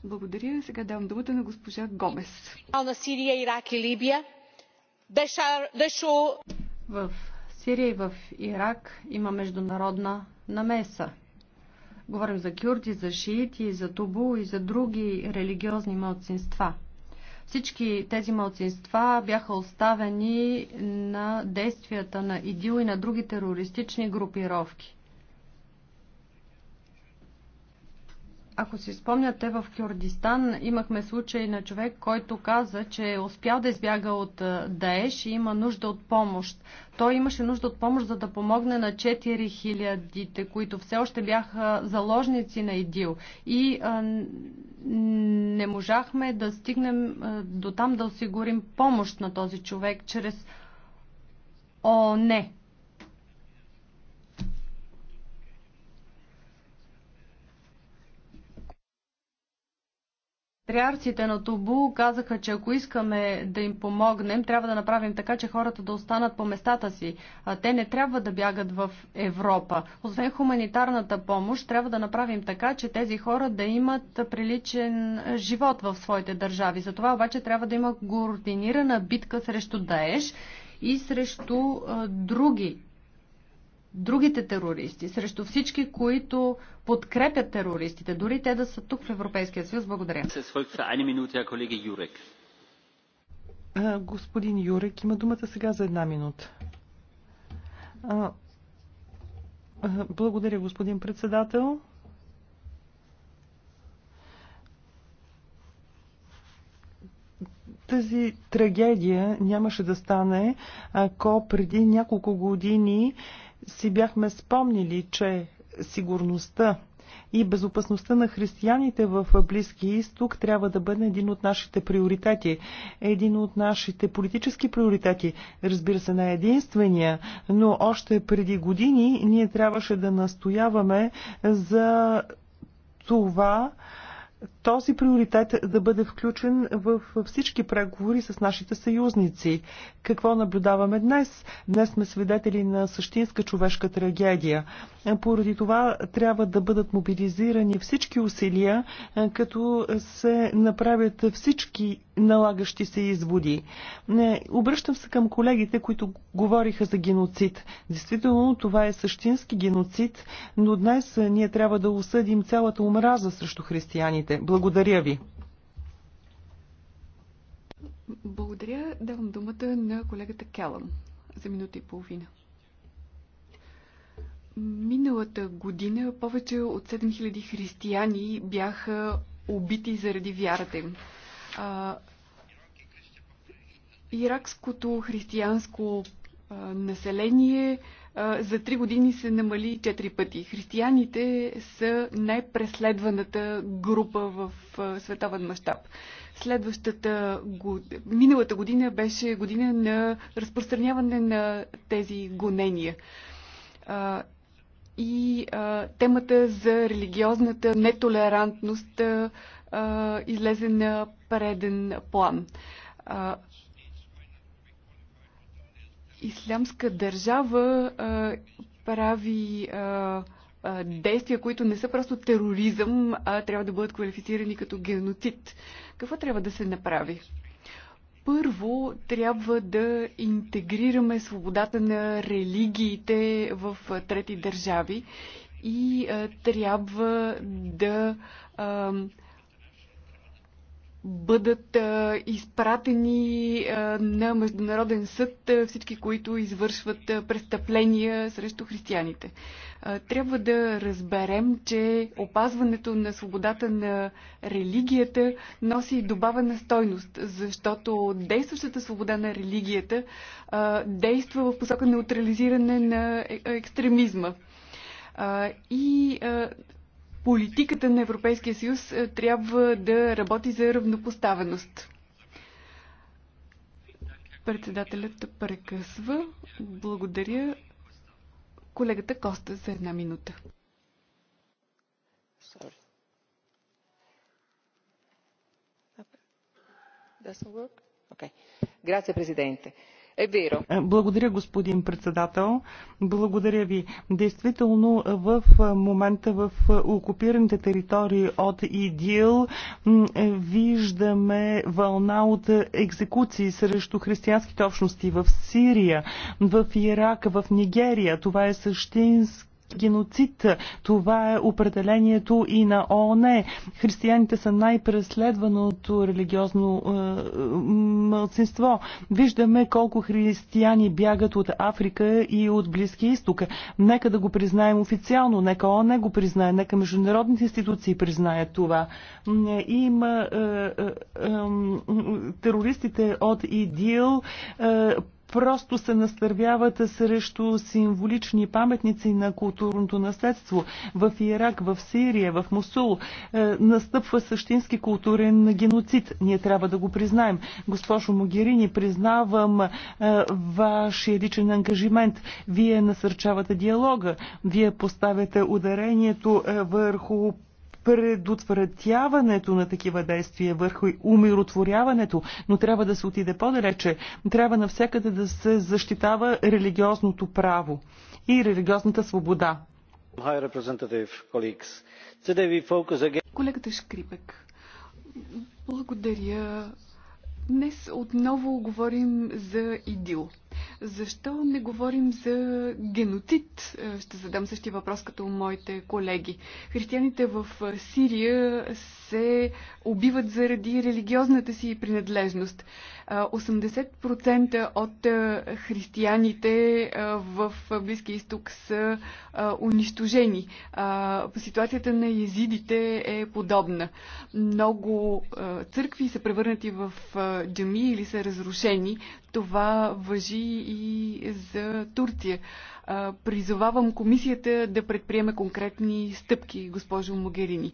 Благодаря. Сега давам думата на госпожа Гомес. На Сирия, Ирак и Либия. В Сирия и в Ирак има международна намеса. Говорим за кюрди, за шиити, за тубу и за други религиозни малцинства. Всички тези малцинства бяха оставени на действията на ИДИЛ и на други терористични групировки. Ако си спомняте, в Кюрдистан имахме случай на човек, който каза, че е успял да избяга от Даеш и има нужда от помощ. Той имаше нужда от помощ, за да помогне на 4000-те, които все още бяха заложници на ИДИЛ. И а, не можахме да стигнем а, до там да осигурим помощ на този човек чрез ОНЕ. Патриарците на Тобу казаха, че ако искаме да им помогнем, трябва да направим така, че хората да останат по местата си. А те не трябва да бягат в Европа. Освен хуманитарната помощ, трябва да направим така, че тези хора да имат приличен живот в своите държави. За това обаче трябва да има координирана битка срещу Даеш и срещу а, други другите терористи, срещу всички, които подкрепят терористите, дори те да са тук в Европейския съюз. Благодаря. Господин Юрек има думата сега за една минута. Благодаря, господин председател. тази трагедия нямаше да стане, ако преди няколко години си бяхме спомнили, че сигурността и безопасността на християните в Близкия изток трябва да бъде един от нашите приоритети, един от нашите политически приоритети. Разбира се, не е единствения, но още преди години ние трябваше да настояваме за това, този приоритет да бъде включен в всички преговори с нашите съюзници. Какво наблюдаваме днес? Днес сме свидетели на същинска човешка трагедия. Поради това трябва да бъдат мобилизирани всички усилия, като се направят всички налагащи се изводи. Не, обръщам се към колегите, които говориха за геноцид. Действително, това е същински геноцид, но днес ние трябва да осъдим цялата омраза срещу християните. Благодаря ви. Благодаря. Давам думата на колегата Келъм за минута и половина. Миналата година повече от 7000 християни бяха убити заради вярата им. А, иракското християнско а, население за три години се намали четири пъти. Християните са най-преследваната група в световен мащаб. Следващата год... миналата година беше година на разпространяване на тези гонения. И темата за религиозната нетолерантност излезе на преден план ислямска държава а, прави а, а, действия, които не са просто тероризъм, а трябва да бъдат квалифицирани като геноцид. Какво трябва да се направи? Първо, трябва да интегрираме свободата на религиите в трети държави и а, трябва да. А, бъдат изпратени на Международен съд всички, които извършват престъпления срещу християните. Трябва да разберем, че опазването на свободата на религията носи добавена стойност, защото действащата свобода на религията действа в посока неутрализиране на е, екстремизма. И политиката на Европейския съюз е, трябва да работи за равнопоставеност. Председателят прекъсва. Благодаря колегата Коста за една минута. Grazie Presidente. Е, е, благодаря, господин председател. Благодаря ви. Действително, в е, момента в окупираните територии от ИДИЛ виждаме вълна от екзекуции срещу християнските общности в Сирия, в Ирак, в Нигерия. Това е същински геноцид. Това е определението и на ООН. Християните са най-преследваното религиозно е, мълцинство. Виждаме колко християни бягат от Африка и от Близкия изток. Нека да го признаем официално, нека ООН го признае, нека международните институции признаят това. Има е, е, е, терористите от ИДИЛ е, просто се настървявате срещу символични паметници на културното наследство. В Ирак, в Сирия, в Мусул е, настъпва същински културен геноцид. Ние трябва да го признаем. Госпожо Могерини, признавам е, вашия личен ангажимент. Вие насърчавате диалога. Вие поставяте ударението е, върху предотвратяването на такива действия, върху умиротворяването, но трябва да се отиде по-далече. Трябва навсякъде да се защитава религиозното право и религиозната свобода. Колегата Шкрипек, благодаря. Днес отново говорим за идил. Защо не говорим за геноцид? Е, ще задам същия въпрос като моите колеги. Християните в е, Сирия се убиват заради религиозната си принадлежност. 80% е, от християните в Близкия изток са унищожени. Ситуацията на езидите е подобна. Много църкви са превърнати в джами или са разрушени. Това въжи и за Турция. Призовавам комисията да предприеме конкретни стъпки, госпожо Могерини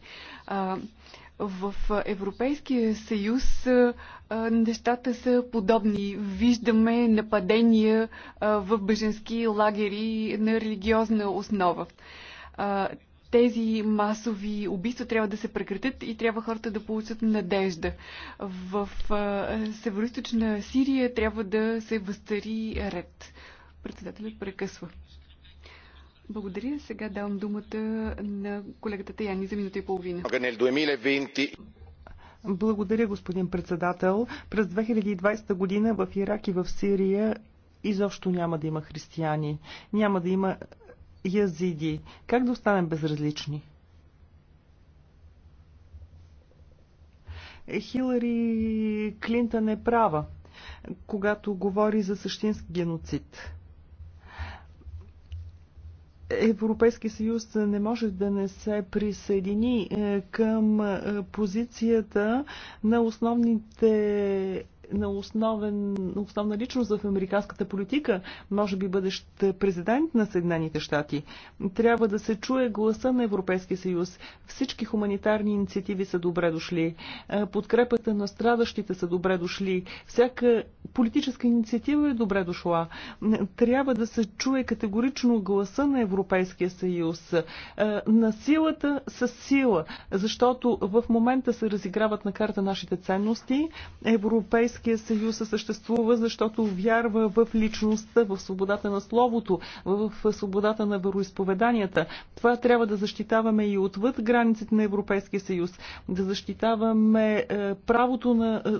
в Европейския съюз нещата са подобни. Виждаме нападения в беженски лагери на религиозна основа тези масови убийства трябва да се прекратят и трябва хората да получат надежда. В Северо-Источна Сирия трябва да се възстари ред. Председателят прекъсва. Благодаря. Сега давам думата на колегата Таяни за минута и половина. Благодаря, господин председател. През 2020 година в Ирак и в Сирия изобщо няма да има християни. Няма да има язиди. Как да останем безразлични? Хилари Клинтън е права, когато говори за същински геноцид. Европейски съюз не може да не се присъедини е, към е, позицията на основните на, основен, основна личност в американската политика, може би бъдещ президент на Съединените щати. Трябва да се чуе гласа на Европейския съюз. Всички хуманитарни инициативи са добре дошли. Подкрепата на страдащите са добре дошли. Всяка политическа инициатива е добре дошла. Трябва да се чуе категорично гласа на Европейския съюз. На силата с сила, защото в момента се разиграват на карта нашите ценности. Европейски Европейския съюз съществува, защото вярва в личността, в свободата на словото, в свободата на вероисповеданията. Това трябва да защитаваме и отвъд границите на Европейския съюз, да защитаваме е, правото на е,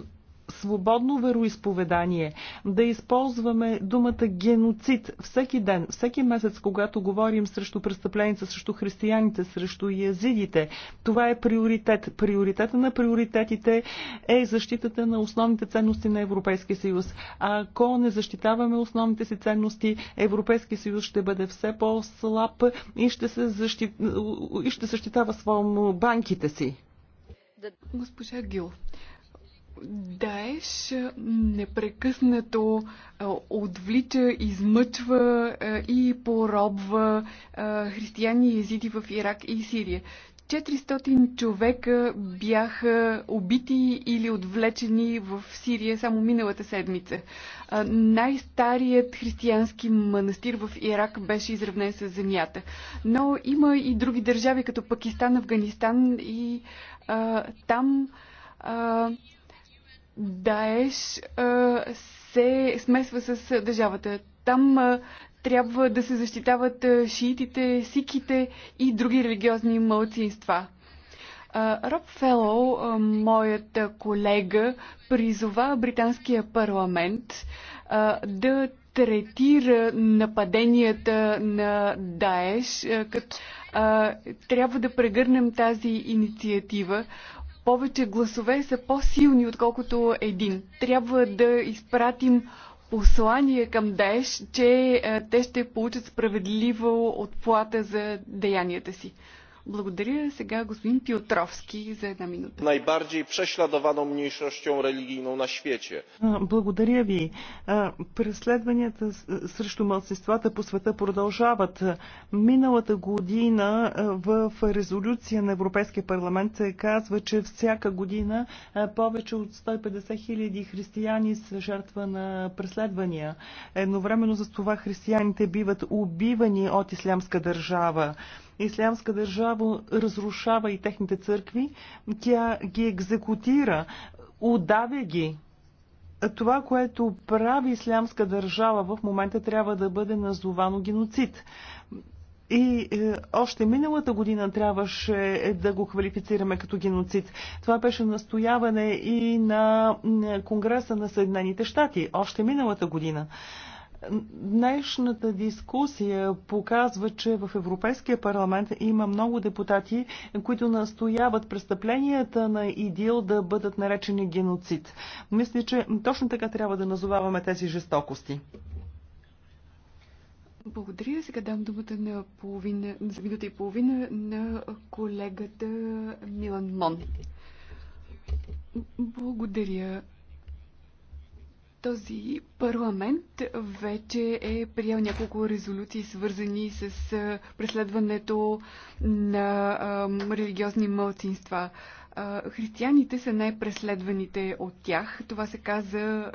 свободно вероисповедание, да използваме думата геноцид всеки ден, всеки месец, когато говорим срещу престъпленица, срещу християните, срещу язидите. Това е приоритет. Приоритета на приоритетите е защитата на основните ценности на Европейския съюз. А ако не защитаваме основните си ценности, Европейския съюз ще бъде все по-слаб и ще, се защит... и ще защитава своему банките си. Госпожа Гил, Даеш непрекъснато отвлича, измъчва и поробва християни и езиди в Ирак и Сирия. 400 човека бяха убити или отвлечени в Сирия само миналата седмица. Най-старият християнски манастир в Ирак беше изравнен с земята. Но има и други държави, като Пакистан, Афганистан и а, там а, Даеш се смесва с държавата. Там трябва да се защитават шиитите, сиките и други религиозни мълцинства. Роб Фелоу, моят колега, призова британския парламент да третира нападенията на Даеш, като трябва да прегърнем тази инициатива повече гласове са по-силни, отколкото един. Трябва да изпратим послание към Даеш, че е, те ще получат справедливо отплата за деянията си. Благодаря сега господин Пилтровски за една минута. Най-бърджи преследованą mniejszością религийно на świecie. Благодаря ви. Преследванията срещу младсинствата по света продължават. Миналата година в резолюция на Европейския парламент се казва, че всяка година повече от 150 хиляди християни са жертва на преследвания. Едновременно с това християните биват убивани от ислямска държава. Ислямска държава разрушава и техните църкви, тя ги екзекутира, удавя ги. Това, което прави Ислямска държава в момента трябва да бъде назовано геноцид. И е, още миналата година трябваше да го квалифицираме като геноцид. Това беше настояване и на Конгреса на Съединените щати, още миналата година. Днешната дискусия показва, че в Европейския парламент има много депутати, които настояват престъпленията на ИДИЛ да бъдат наречени геноцид. Мисля, че точно така трябва да назоваваме тези жестокости. Благодаря. Сега дам думата на половина, за минута и половина на колегата Милан Мон. Благодаря. Този парламент вече е приел няколко резолюции, свързани с преследването на религиозни мълцинства. Християните са най-преследваните от тях. Това се каза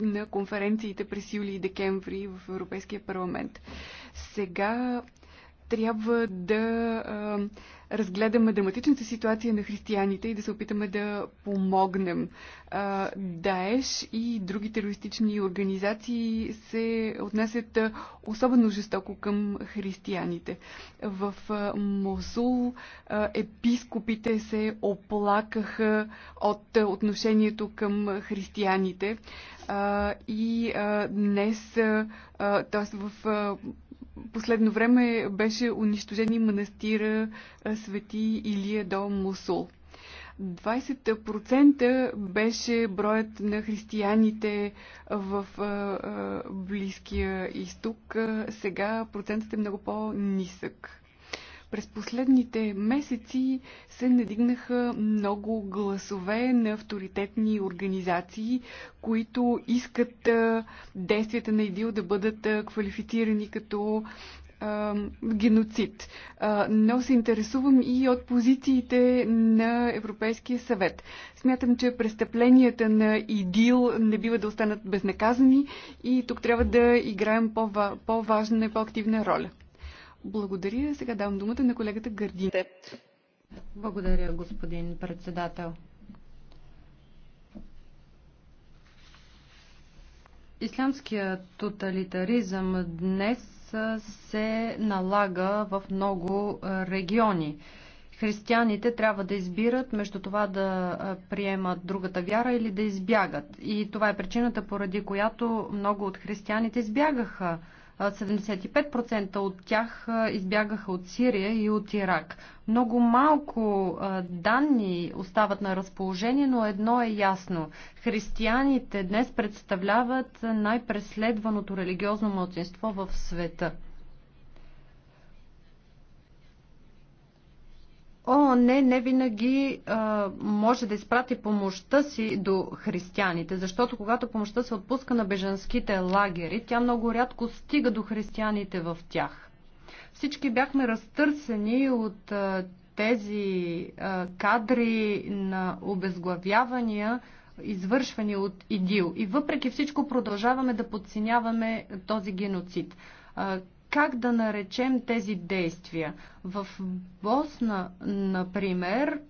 на конференциите през юли и декември в Европейския парламент. Сега трябва да а, разгледаме драматичната ситуация на християните и да се опитаме да помогнем. А, Даеш и други терористични организации се отнасят особено жестоко към християните. В а, Мосул а, епископите се оплакаха от отношението към християните а, и а, днес, т.е. в а, последно време беше унищожени манастира Свети Илия до Мусул. 20% беше броят на християните в Близкия изток. Сега процентът е много по-нисък. През последните месеци се надигнаха много гласове на авторитетни организации, които искат действията на ИДИЛ да бъдат квалифицирани като геноцид. Но се интересувам и от позициите на Европейския съвет. Смятам, че престъпленията на ИДИЛ не бива да останат безнаказани и тук трябва да играем по-важна и по-активна роля. Благодаря. Сега давам думата на колегата Гърдин. Благодаря, господин председател. Ислямският тоталитаризъм днес се налага в много е, региони. Християните трябва да избират между това да е, приемат другата вяра или да избягат. И това е причината, поради която много от християните избягаха 75% от тях избягаха от Сирия и от Ирак. Много малко данни остават на разположение, но едно е ясно. Християните днес представляват най-преследваното религиозно младсинство в света. О, не, не винаги а, може да изпрати помощта си до християните, защото когато помощта се отпуска на бежанските лагери, тя много рядко стига до християните в тях. Всички бяхме разтърсени от а, тези а, кадри на обезглавявания, извършвани от ИДИЛ. И въпреки всичко продължаваме да подценяваме този геноцид как да наречем тези действия. В Босна, например,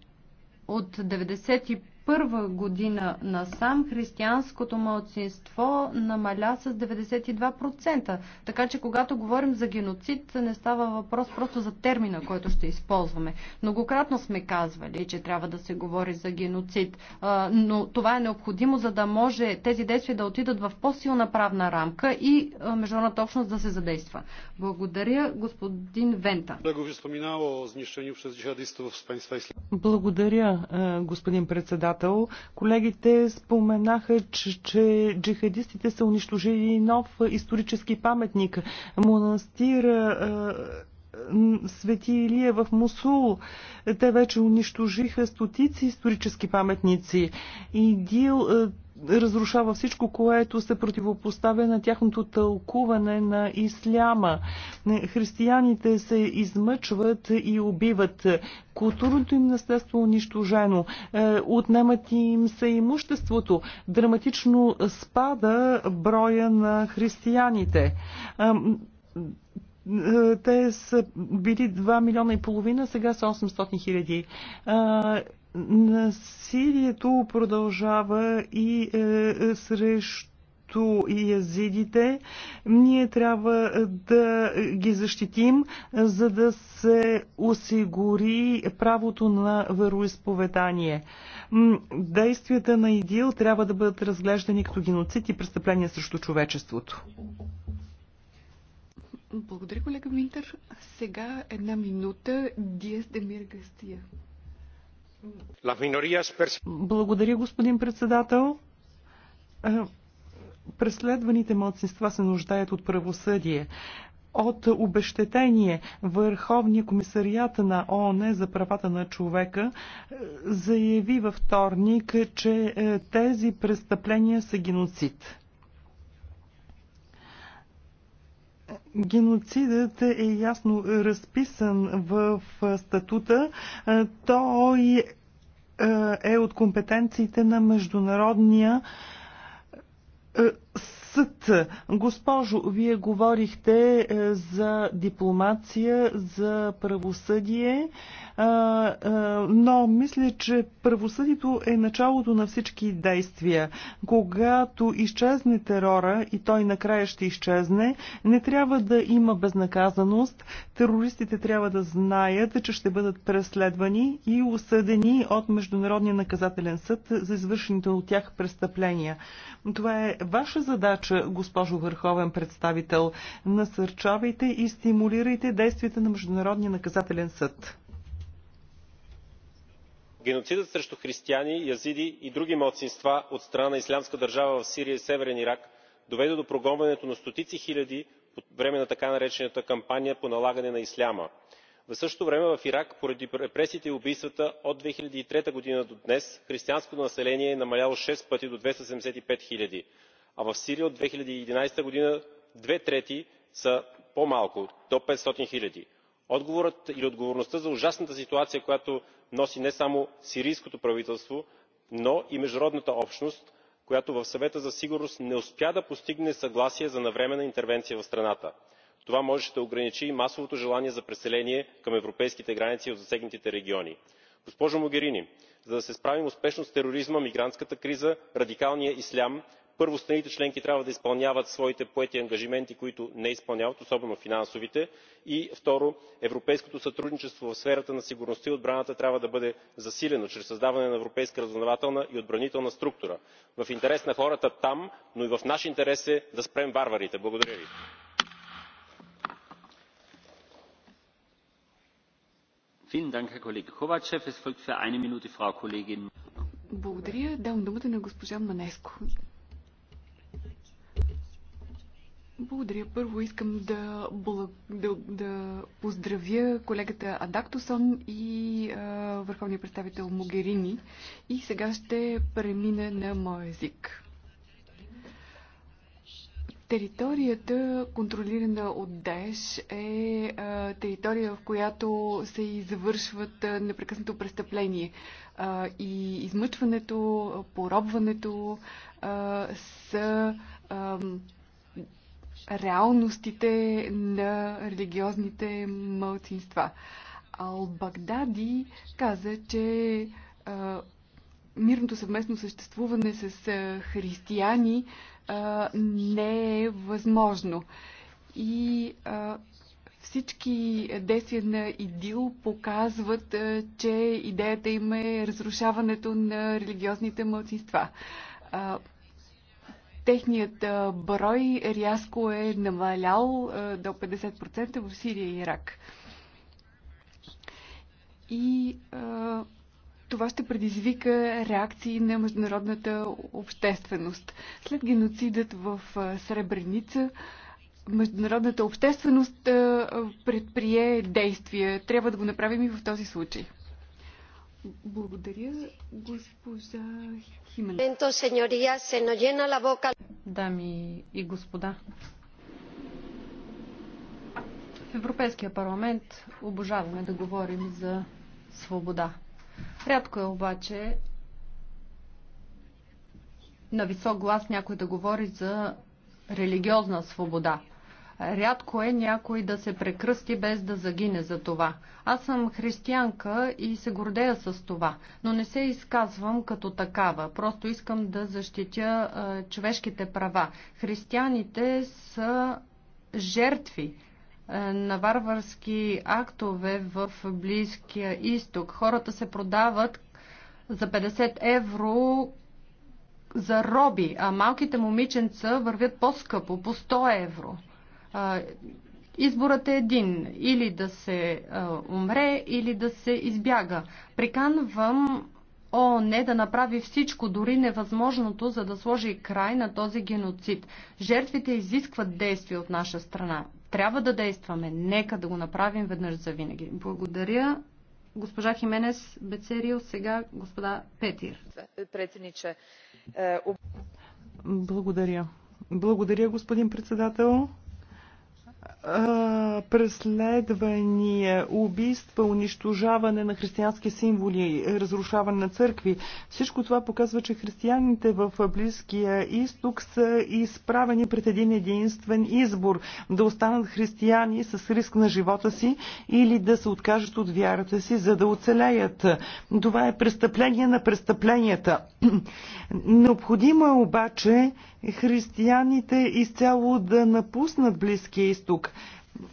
от 95 Първа година насам християнското младсинство намаля с 92%. Така че когато говорим за геноцид, не става въпрос просто за термина, който ще използваме. Многократно сме казвали, че трябва да се говори за геноцид, но това е необходимо, за да може тези действия да отидат в по-силна правна рамка и международната общност да се задейства. Благодаря, господин Вента. Благодаря, господин председател председател. Колегите споменаха, че, че джихадистите са унищожили нов исторически паметник. Монастир Свети Илия в Мусул. Те вече унищожиха стотици исторически паметници. Идил разрушава всичко, което се противопоставя на тяхното тълкуване на исляма. Християните се измъчват и убиват. Културното им наследство е унищожено. Е, отнемат им се имуществото. Драматично спада броя на християните. Е, те са били 2 милиона и половина, сега са 800 хиляди. Насилието продължава и е, срещу и язидите. Ние трябва да ги защитим, за да се осигури правото на вероисповедание. Действията на ИДИЛ трябва да бъдат разглеждани като геноцид и престъпления срещу човечеството. Благодаря, колега Винтер. Сега една минута. Диас Демир Гастия. Благодаря, господин председател. Е, преследваните младсинства се нуждаят от правосъдие от обещетение Върховния комисарият на ООН за правата на човека е, заяви във вторник, че е, тези престъпления са геноцид. Геноцидът е ясно разписан в статута. Той е от компетенциите на Международния съд. Госпожо, вие говорихте е, за дипломация, за правосъдие, е, е, но мисля, че правосъдието е началото на всички действия. Когато изчезне терора и той накрая ще изчезне, не трябва да има безнаказаност. Терористите трябва да знаят, че ще бъдат преследвани и осъдени от Международния наказателен съд за извършените от тях престъпления. Това е ваша задача задача, госпожо Върховен представител. Насърчавайте и стимулирайте действията на Международния наказателен съд. Геноцидът срещу християни, язиди и други младсинства от страна на Ислямска държава в Сирия и Северен Ирак доведе до прогонването на стотици хиляди по време на така наречената кампания по налагане на исляма. В същото време в Ирак, поради репресиите и убийствата от 2003 година до днес, християнското население е намаляло 6 пъти до 275 хиляди а в сирия от 2011 г. година две трети са по малко до 500 хиляди. отговорът или отговорността за ужасната ситуация която носи не само сирийското правителство но и международната общност която в съвета за сигурност не успя да постигне съгласие за навременна интервенция в страната. това можеше да ограничи и масовото желание за преселение към европейските граници от засегнатите региони. госпожо могерини за да се справим успешно с тероризма мигрантската криза радикалния ислям първо страните членки трябва да изпълняват своите поети ангажименти които не изпълняват особено финансовите и второ европейското сътрудничество в сферата на сигурността и отбраната трябва да бъде засилено чрез създаване на европейска разузнавателна и отбранителна структура. в интерес на хората там но и в наш интерес е да спрем варварите. благодаря ви. Благодаря. Давам думата на госпожа Манеско. Благодаря. Първо искам да, да, да поздравя колегата Адактосон и а, върховния представител Могерини. И сега ще премина на моя език. Територията, контролирана от ДАЕШ, е а, територия, в която се извършват а, непрекъснато престъпление. А, и измъчването, поробването а, са. А, реалностите на религиозните мълцинства. Ал-Багдади каза, че а, мирното съвместно съществуване с а, християни а, не е възможно. И а, всички действия на ИДИЛ показват, а, че идеята им е разрушаването на религиозните мълцинства. А, Техният брой рязко е намалял до 50% в Сирия и Ирак. И а, това ще предизвика реакции на международната общественост. След геноцидът в Сребреница, международната общественост предприе действия. Трябва да го направим и в този случай. Благодаря, госпожа Химен. Дами и господа, в Европейския парламент обожаваме да говорим за свобода. Рядко е обаче на висок глас някой да говори за религиозна свобода – Рядко е някой да се прекръсти без да загине за това. Аз съм християнка и се гордея с това, но не се изказвам като такава. Просто искам да защитя а, човешките права. Християните са жертви на варварски актове в Близкия изток. Хората се продават за 50 евро за роби, а малките момиченца вървят по-скъпо, по 100 евро. Изборът е един или да се умре, или да се избяга. Приканвам О, не да направи всичко, дори невъзможното, за да сложи край на този геноцид. Жертвите изискват действие от наша страна. Трябва да действаме. Нека да го направим веднъж за винаги. Благодаря. Госпожа Хименес Бецерил, сега господа Петир. Председниче. Е, Благодаря. Благодаря, господин председател преследвания, убийства, унищожаване на християнски символи, разрушаване на църкви. Всичко това показва, че християните в Близкия изток са изправени пред един единствен избор да останат християни с риск на живота си или да се откажат от вярата си, за да оцелеят. Това е престъпление на престъпленията. Необходимо е обаче християните изцяло да напуснат Близкия изток.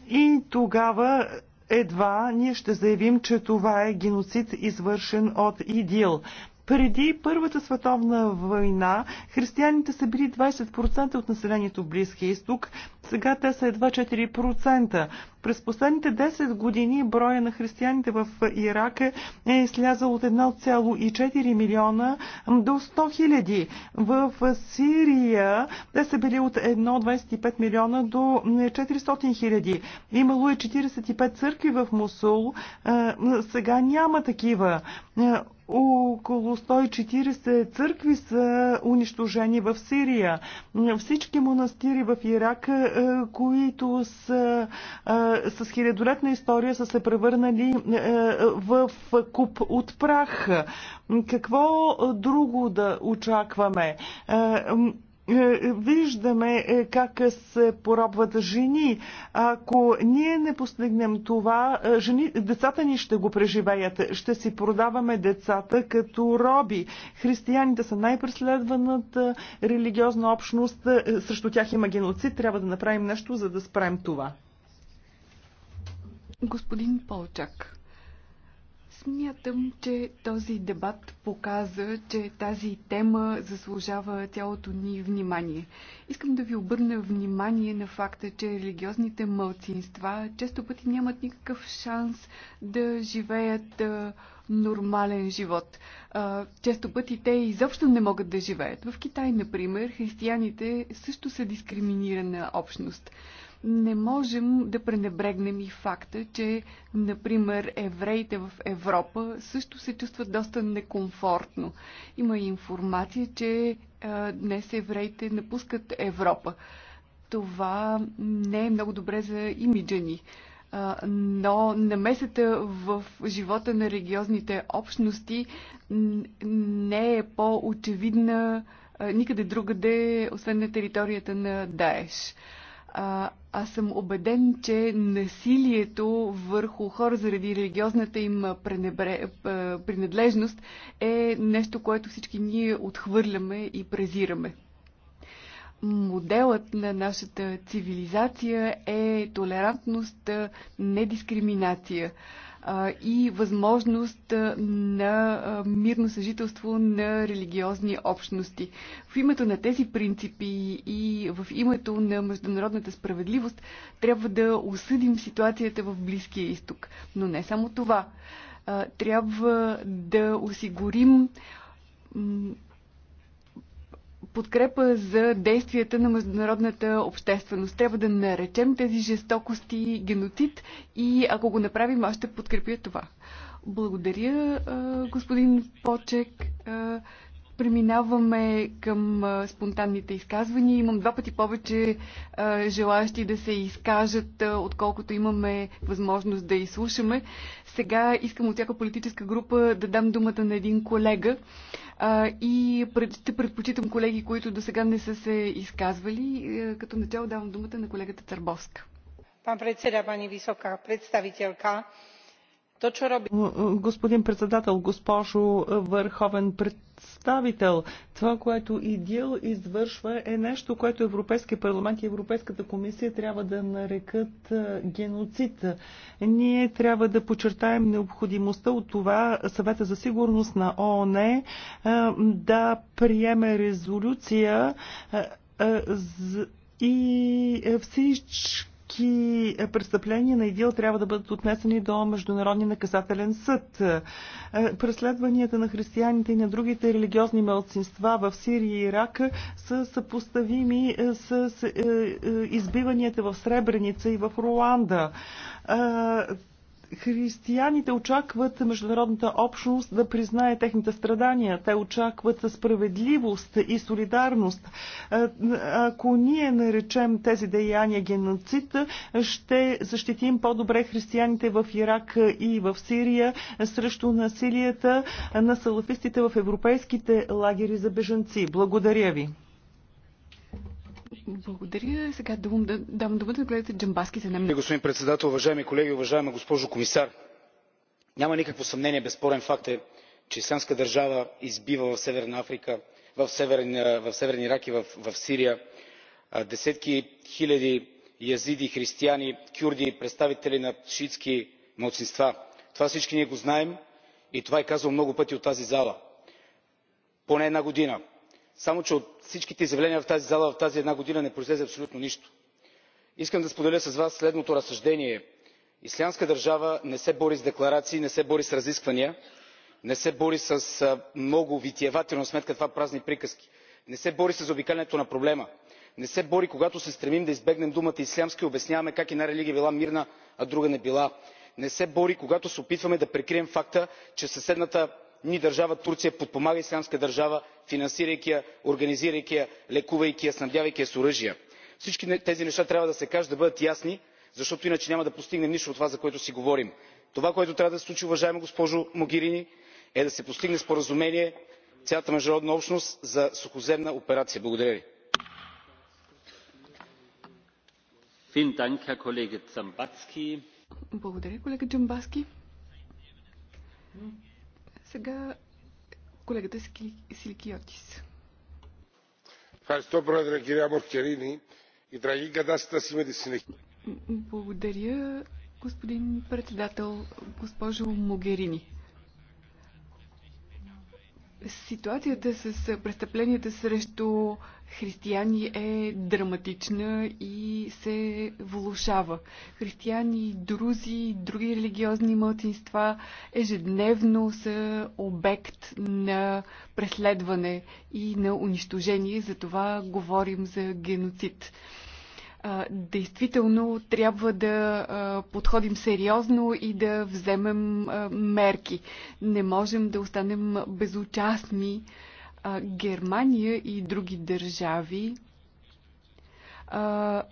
И тогава едва ние ще заявим, че това е геноцид, извършен от ИДИЛ. Преди Първата световна война християните са били 20% от населението в Близкия изток, сега те са едва 4%. През последните 10 години броя на християните в Ирак е излязал от 1,4 милиона до 100 хиляди. В Сирия те са били от 1,25 милиона до 400 хиляди. Имало е 45 църкви в Мусул. Е, сега няма такива. Е, около 140 църкви са унищожени в Сирия. Всички монастири в Ирак, е, които са е, с хилядолетна история са се превърнали е, в куп от прах. Какво друго да очакваме? Е, виждаме как се поробват жени. Ако ние не постигнем това, жени, децата ни ще го преживеят. Ще си продаваме децата като роби. Християните са най-преследваната религиозна общност. Срещу тях има геноцид. Трябва да направим нещо, за да спрем това. Господин Полчак, смятам, че този дебат показа, че тази тема заслужава цялото ни внимание. Искам да ви обърна внимание на факта, че религиозните мълцинства често пъти нямат никакъв шанс да живеят нормален живот. често пъти те изобщо не могат да живеят. В Китай, например, християните също са дискриминирана общност не можем да пренебрегнем и факта, че, например, евреите в Европа също се чувстват доста некомфортно. Има и информация, че а, днес евреите напускат Европа. Това не е много добре за имиджа ни но намесата в живота на религиозните общности не е по-очевидна никъде другаде, освен на територията на Даеш. А, аз съм убеден, че насилието върху хора заради религиозната им пренебре, е, е, принадлежност е нещо, което всички ние отхвърляме и презираме. Моделът на нашата цивилизация е толерантност, е, недискриминация. дискриминация и възможност на мирно съжителство на религиозни общности. В името на тези принципи и в името на международната справедливост трябва да осъдим ситуацията в Близкия изток. Но не само това. Трябва да осигурим подкрепа за действията на международната общественост. Трябва да наречем тези жестокости геноцид и ако го направим, аз ще подкрепя това. Благодаря, господин Почек. Преминаваме към спонтанните изказвания. Имам два пъти повече желащи да се изкажат, отколкото имаме възможност да изслушаме. Сега искам от всяка политическа група да дам думата на един колега и ще предпочитам колеги, които до сега не са се изказвали. Като начало давам думата на колегата Търбовска. Пан председа, пани висока представителка, Господин председател, госпожо е, върховен представител, това, което ИДИЛ извършва е нещо, което Европейския парламент и Европейската комисия трябва да нарекат е, геноцид. Ние трябва да подчертаем необходимостта от това съвета за сигурност на ООН е, да приеме резолюция и всички тежки престъпления на ИДИЛ трябва да бъдат отнесени до Международния наказателен съд. Е, преследванията на християните и на другите религиозни мълцинства в Сирия и Ирак са съпоставими е, с е, избиванията в Сребреница и в Руанда Християните очакват международната общност да признае техните страдания. Те очакват справедливост и солидарност. Ако ние наречем тези деяния геноцид, ще защитим по-добре християните в Ирак и в Сирия срещу насилията на салафистите в европейските лагери за бежанци. Благодаря ви. Благодаря. Сега давам, давам думата на гледате Джамбаски за намерение. Господин председател, уважаеми колеги, уважаема госпожо комисар. Няма никакво съмнение, безспорен факт е, че Исламска държава избива в Северна Африка, в Северен, в Северен Ирак и в, в Сирия десетки хиляди язиди, християни, кюрди, представители на шиитски младсинства. Това всички ние го знаем и това е казал много пъти от тази зала. Поне една година само че от всичките изявления в тази зала в тази една година не произлезе абсолютно нищо. искам да споделя с вас следното разсъждение ислямска държава не се бори с декларации не се бори с разисквания не се бори с много витиевати но сметка на това празни приказки не се бори със заобикалянето на проблема не се бори когато се стремим да избегнем думата ислямска и обясняваме как една религия била мирна а друга не била не се бори когато се опитваме да прикрием факта че в съседната ни държава турция подпомага ислямска държава финансирайки я организирайки я лекувайки я снабдявайки я с оръжия. всички тези неща трябва да се кажат да бъдат ясни защото иначе няма да постигнем нищо от това за което си говорим. това което трябва да се случи уважаема госпожо Могирини, е да се постигне споразумение в цялата международна общност за сухоземна операция. благодаря ви. Благодаря, колега Джамбаски. Сега колегата Силикиотис. Ευχαριστώ, Πρόεδρε, κυρία Μορκερίνη. Η τραγική κατάσταση με τη Благодаря, господин председател, госпожо Могерини. Ситуацията с престъпленията срещу християни е драматична и се влушава. Християни, друзи, други религиозни мълцинства ежедневно са обект на преследване и на унищожение. За това говорим за геноцид действително трябва да подходим сериозно и да вземем мерки. Не можем да останем безучастни. Германия и други държави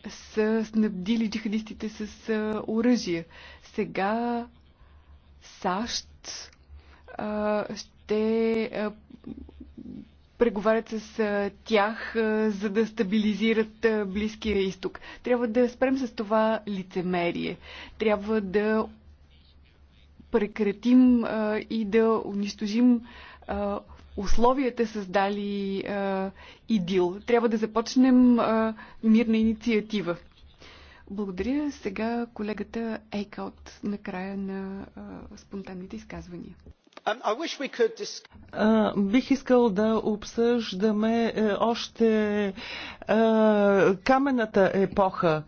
са снабдили джихадистите с оръжие. Сега САЩ ще преговарят с тях, за да стабилизират Близкия изток. Трябва да спрем с това лицемерие. Трябва да прекратим и да унищожим условията създали ИДИЛ. Трябва да започнем мирна инициатива. Благодаря сега колегата Ейкаут на края на спонтанните изказвания. Um, бих искал да обсъждаме е, още е, каменната епоха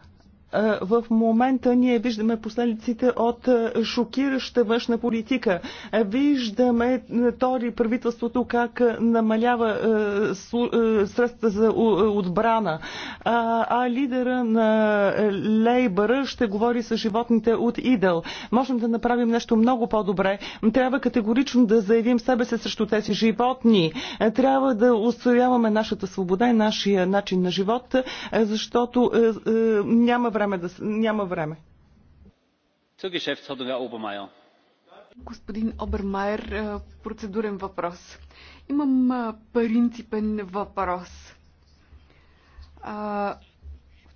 в момента ние виждаме последиците от шокираща външна политика. Виждаме тори правителството как намалява средства за отбрана. А лидера на Лейбъра ще говори с животните от Идъл. Можем да направим нещо много по-добре. Трябва категорично да заявим себе се срещу тези животни. Трябва да устояваме нашата свобода и нашия начин на живот, защото няма време време да... Няма време. Господин Обермайер, е, процедурен въпрос. Имам е, принципен въпрос.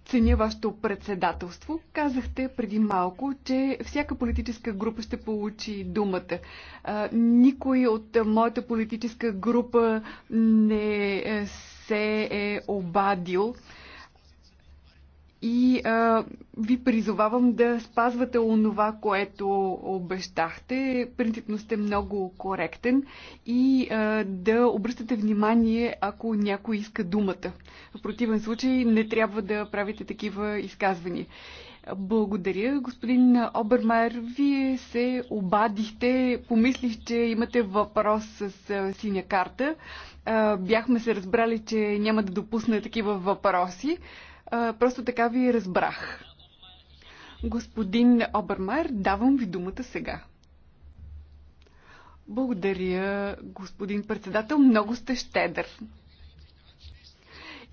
ценя вашето председателство. Казахте преди малко, че всяка политическа група ще получи думата. никой от моята политическа група не е, се е обадил и а, ви призовавам да спазвате онова, което обещахте. Принципно сте много коректен и а, да обръщате внимание, ако някой иска думата. В противен случай не трябва да правите такива изказвания. Благодаря. Господин Обермайер, вие се обадихте. Помислих, че имате въпрос с синя карта. Бяхме се разбрали, че няма да допусна такива въпроси. А, просто така ви разбрах. Господин Обермайер, давам ви думата сега. Благодаря, господин председател. Много сте щедър.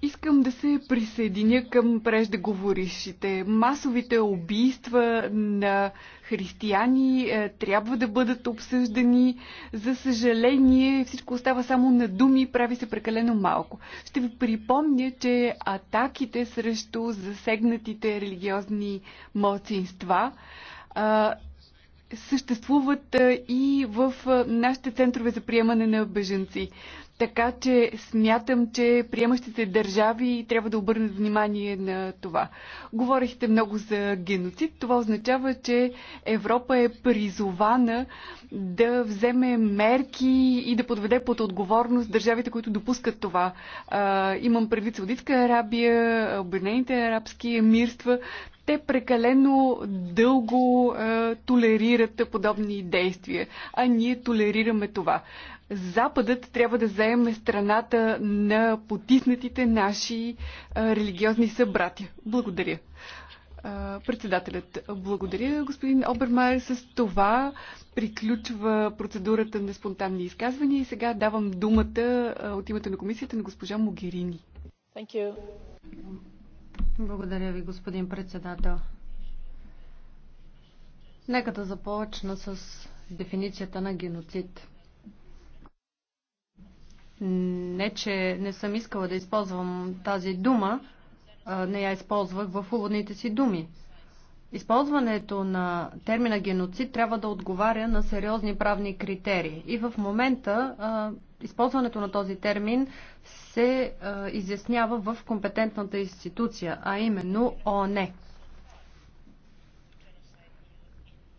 Искам да се присъединя към преждеговорившите. Масовите убийства на християни е, трябва да бъдат обсъждани. За съжаление, всичко остава само на думи, прави се прекалено малко. Ще ви припомня, че атаките срещу засегнатите религиозни младсинства съществуват и в нашите центрове за приемане на беженци. Така че смятам, че приемащите държави трябва да обърнат внимание на това. Говорихте много за геноцид. Това означава, че Европа е призована да вземе мерки и да подведе под отговорност държавите, които допускат това. А, имам предвид Саудитска Арабия, Обединените арабски емирства. Те прекалено дълго а, толерират подобни действия, а ние толерираме това. Западът трябва да заеме страната на потиснатите наши религиозни събратия. Благодаря. Председателят, благодаря, господин Обермайер. С това приключва процедурата на спонтанни изказвания и сега давам думата от името на комисията на госпожа Могерини. Благодаря ви, господин председател. Нека да започна с дефиницията на геноцид. Не, че не съм искала да използвам тази дума, не я използвах в уводните си думи. Използването на термина геноцид трябва да отговаря на сериозни правни критерии. И в момента а, използването на този термин се а, изяснява в компетентната институция, а именно ООН.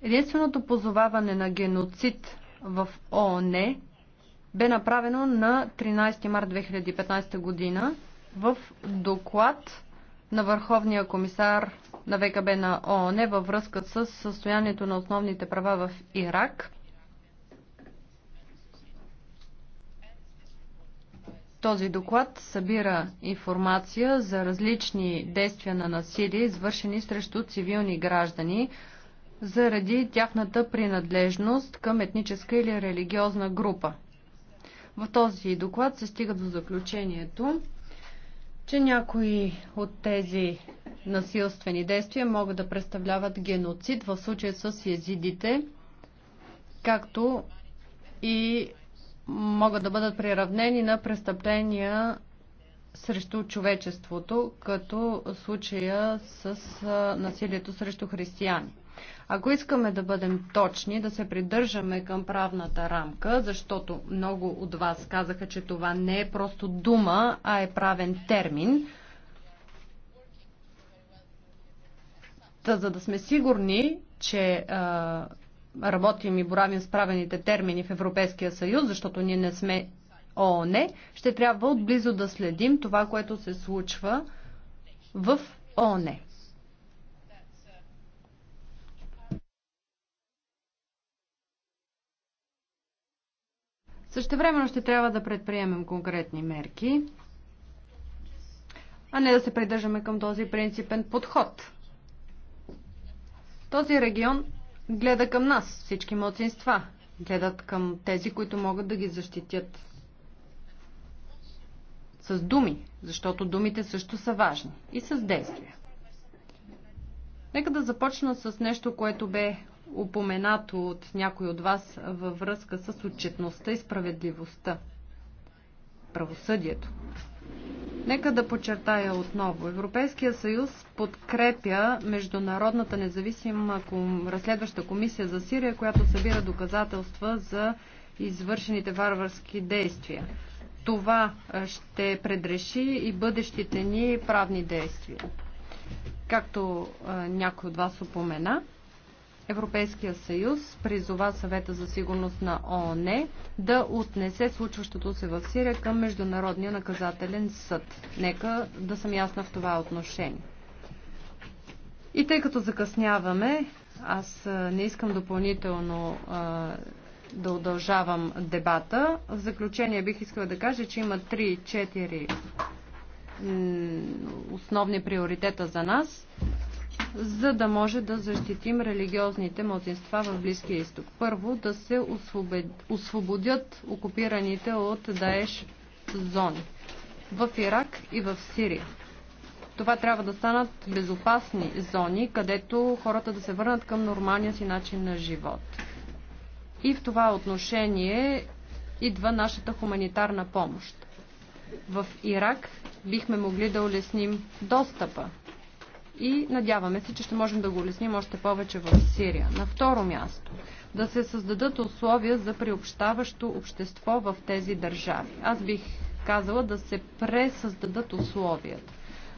Единственото позоваване на геноцид в ООН бе направено на 13 март 2015 година в доклад на Върховния комисар на ВКБ на ООН във връзка с състоянието на основните права в Ирак. Този доклад събира информация за различни действия на насилие, извършени срещу цивилни граждани, заради тяхната принадлежност към етническа или религиозна група. В този доклад се стига до заключението, че някои от тези насилствени действия могат да представляват геноцид в случая с езидите, както и могат да бъдат приравнени на престъпления срещу човечеството, като случая с насилието срещу християни. Ако искаме да бъдем точни, да се придържаме към правната рамка, защото много от вас казаха, че това не е просто дума, а е правен термин, Та, за да сме сигурни, че а, работим и боравим с правените термини в Европейския съюз, защото ние не сме ООН, ще трябва отблизо да следим това, което се случва в ООН. Същевременно ще трябва да предприемем конкретни мерки, а не да се придържаме към този принципен подход. Този регион гледа към нас, всички младсинства. Гледат към тези, които могат да ги защитят с думи, защото думите също са важни и с действия. Нека да започна с нещо, което бе упоменато от някой от вас във връзка с отчетността и справедливостта, правосъдието. Нека да подчертая отново. Европейския съюз подкрепя Международната независима разследваща комисия за Сирия, която събира доказателства за извършените варварски действия. Това ще предреши и бъдещите ни правни действия. Както някой от вас упомена, Европейския съюз призова съвета за сигурност на ООН да отнесе случващото се в Сирия към Международния наказателен съд. Нека да съм ясна в това отношение. И тъй като закъсняваме, аз не искам допълнително да удължавам дебата. В заключение бих искала да кажа, че има 3-4 основни приоритета за нас за да може да защитим религиозните младсинства в Близкия изток. Първо, да се освободят окупираните от Даеш зони в Ирак и в Сирия. Това трябва да станат безопасни зони, където хората да се върнат към нормалния си начин на живот. И в това отношение идва нашата хуманитарна помощ. В Ирак бихме могли да улесним достъпа и надяваме се, че ще можем да го улесним още повече в Сирия. На второ място, да се създадат условия за приобщаващо общество в тези държави. Аз бих казала да се пресъздадат условията.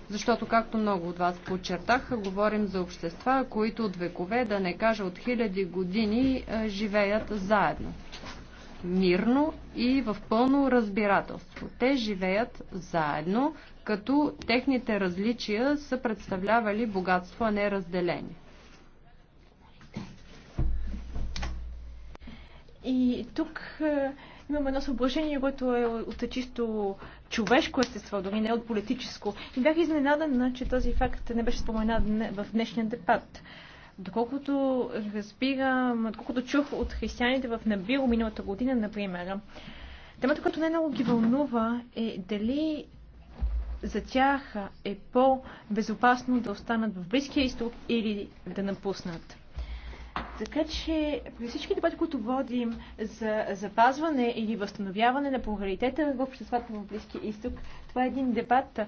Защото, както много от вас подчертаха, говорим за общества, които от векове, да не кажа от хиляди години, е, живеят заедно. Мирно и в пълно разбирателство. Те живеят заедно, като техните различия са представлявали богатство, а не разделение. И тук е, имам едно съображение, което е от чисто човешко естество, дори не от политическо. И бях изненадана, че този факт не беше споменат в днешния депат. Доколкото разбирам, доколкото чух от християните в Набиро миналата година, например, темата, която най-много ги вълнува е дали за тях е по-безопасно да останат в Близкия изток или да напуснат. Така че при всички дебати, които водим за запазване или възстановяване на поралитета в обществата в Близкия изток, това е един дебат,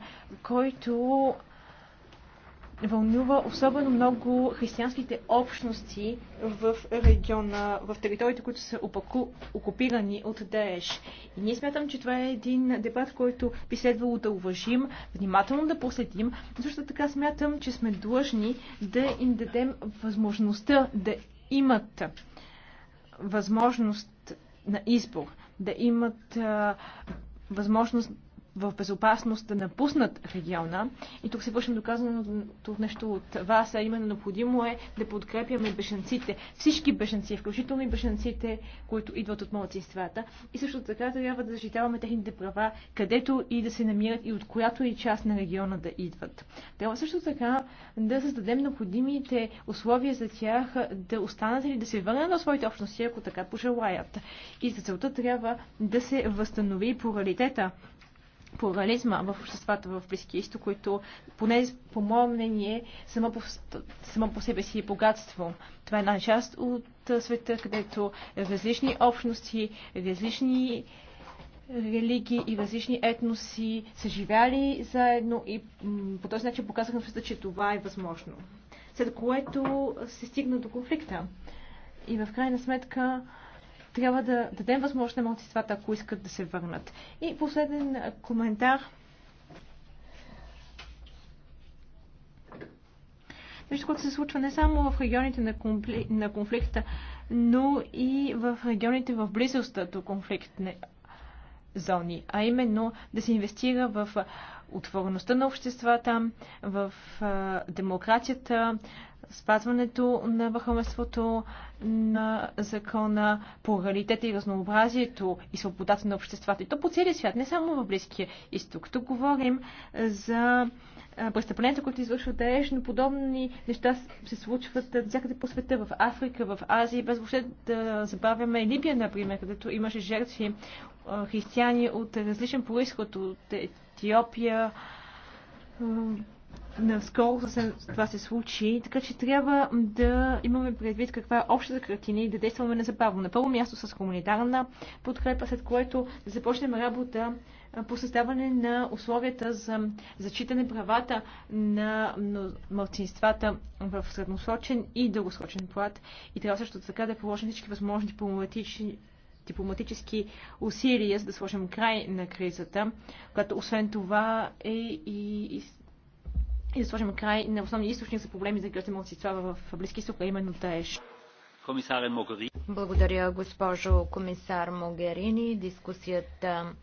който вълнува особено много християнските общности в региона, в териториите, които са опаку, окупирани от Даеш. И ние смятам, че това е един дебат, който би следвало да уважим, внимателно да проследим. Също така смятам, че сме длъжни да им дадем възможността да имат възможност на избор, да имат а, възможност в безопасност да напуснат региона. И тук се вършим доказаното нещо от вас, а именно необходимо е да подкрепяме бешенците, всички бешенци, включително и бешенците, които идват от младсинствата. И също така трябва да защитаваме техните права, където и да се намират и от която и част на региона да идват. Трябва също така да създадем необходимите условия за тях да останат или да се върнат на своите общности, ако така пожелаят. И за целта трябва да се възстанови и плурализма в обществата в Близкия изток, които, поне по мое мнение, само по, само по себе си е богатство. Това е една част от света, където различни общности, различни религии и различни етноси са живяли заедно и по този начин показаха на света, че това е възможно. След което се стигна до конфликта. И в крайна сметка трябва да дадем възможност на малцинствата, ако искат да се върнат. И последен коментар. Нещо, което се случва не само в регионите на, конфли... на конфликта, но и в регионите в близост до конфликтни зони, а именно да се инвестира в отвореността на обществата, в демокрацията, спазването на върховенството на закона, плуралитета и разнообразието и свободата на обществата. И то по целия свят, не само в Близкия изток. Тук говорим за престъпленията, които извършват Даеш, но подобни неща се случват всякъде по света, в Африка, в Азия, без въобще да забавяме Либия, например, където имаше жертви християни от различен происход, от Етиопия, наскоро това се случи, така че трябва да имаме предвид каква е общата картина и да действаме незабавно. На първо място с хуманитарна подкрепа, след което да започнем работа по създаване на условията за зачитане правата на мълцинствата в средносрочен и дългосрочен плат. И трябва също така да положим всички възможни дипломатични дипломатически усилия, за да сложим край на кризата, която освен това е и и да сложим край на основния източник за проблеми за гръци младсинства в Близки изток, именно Таеш. Благодаря, госпожо комисар Могерини. Дискусията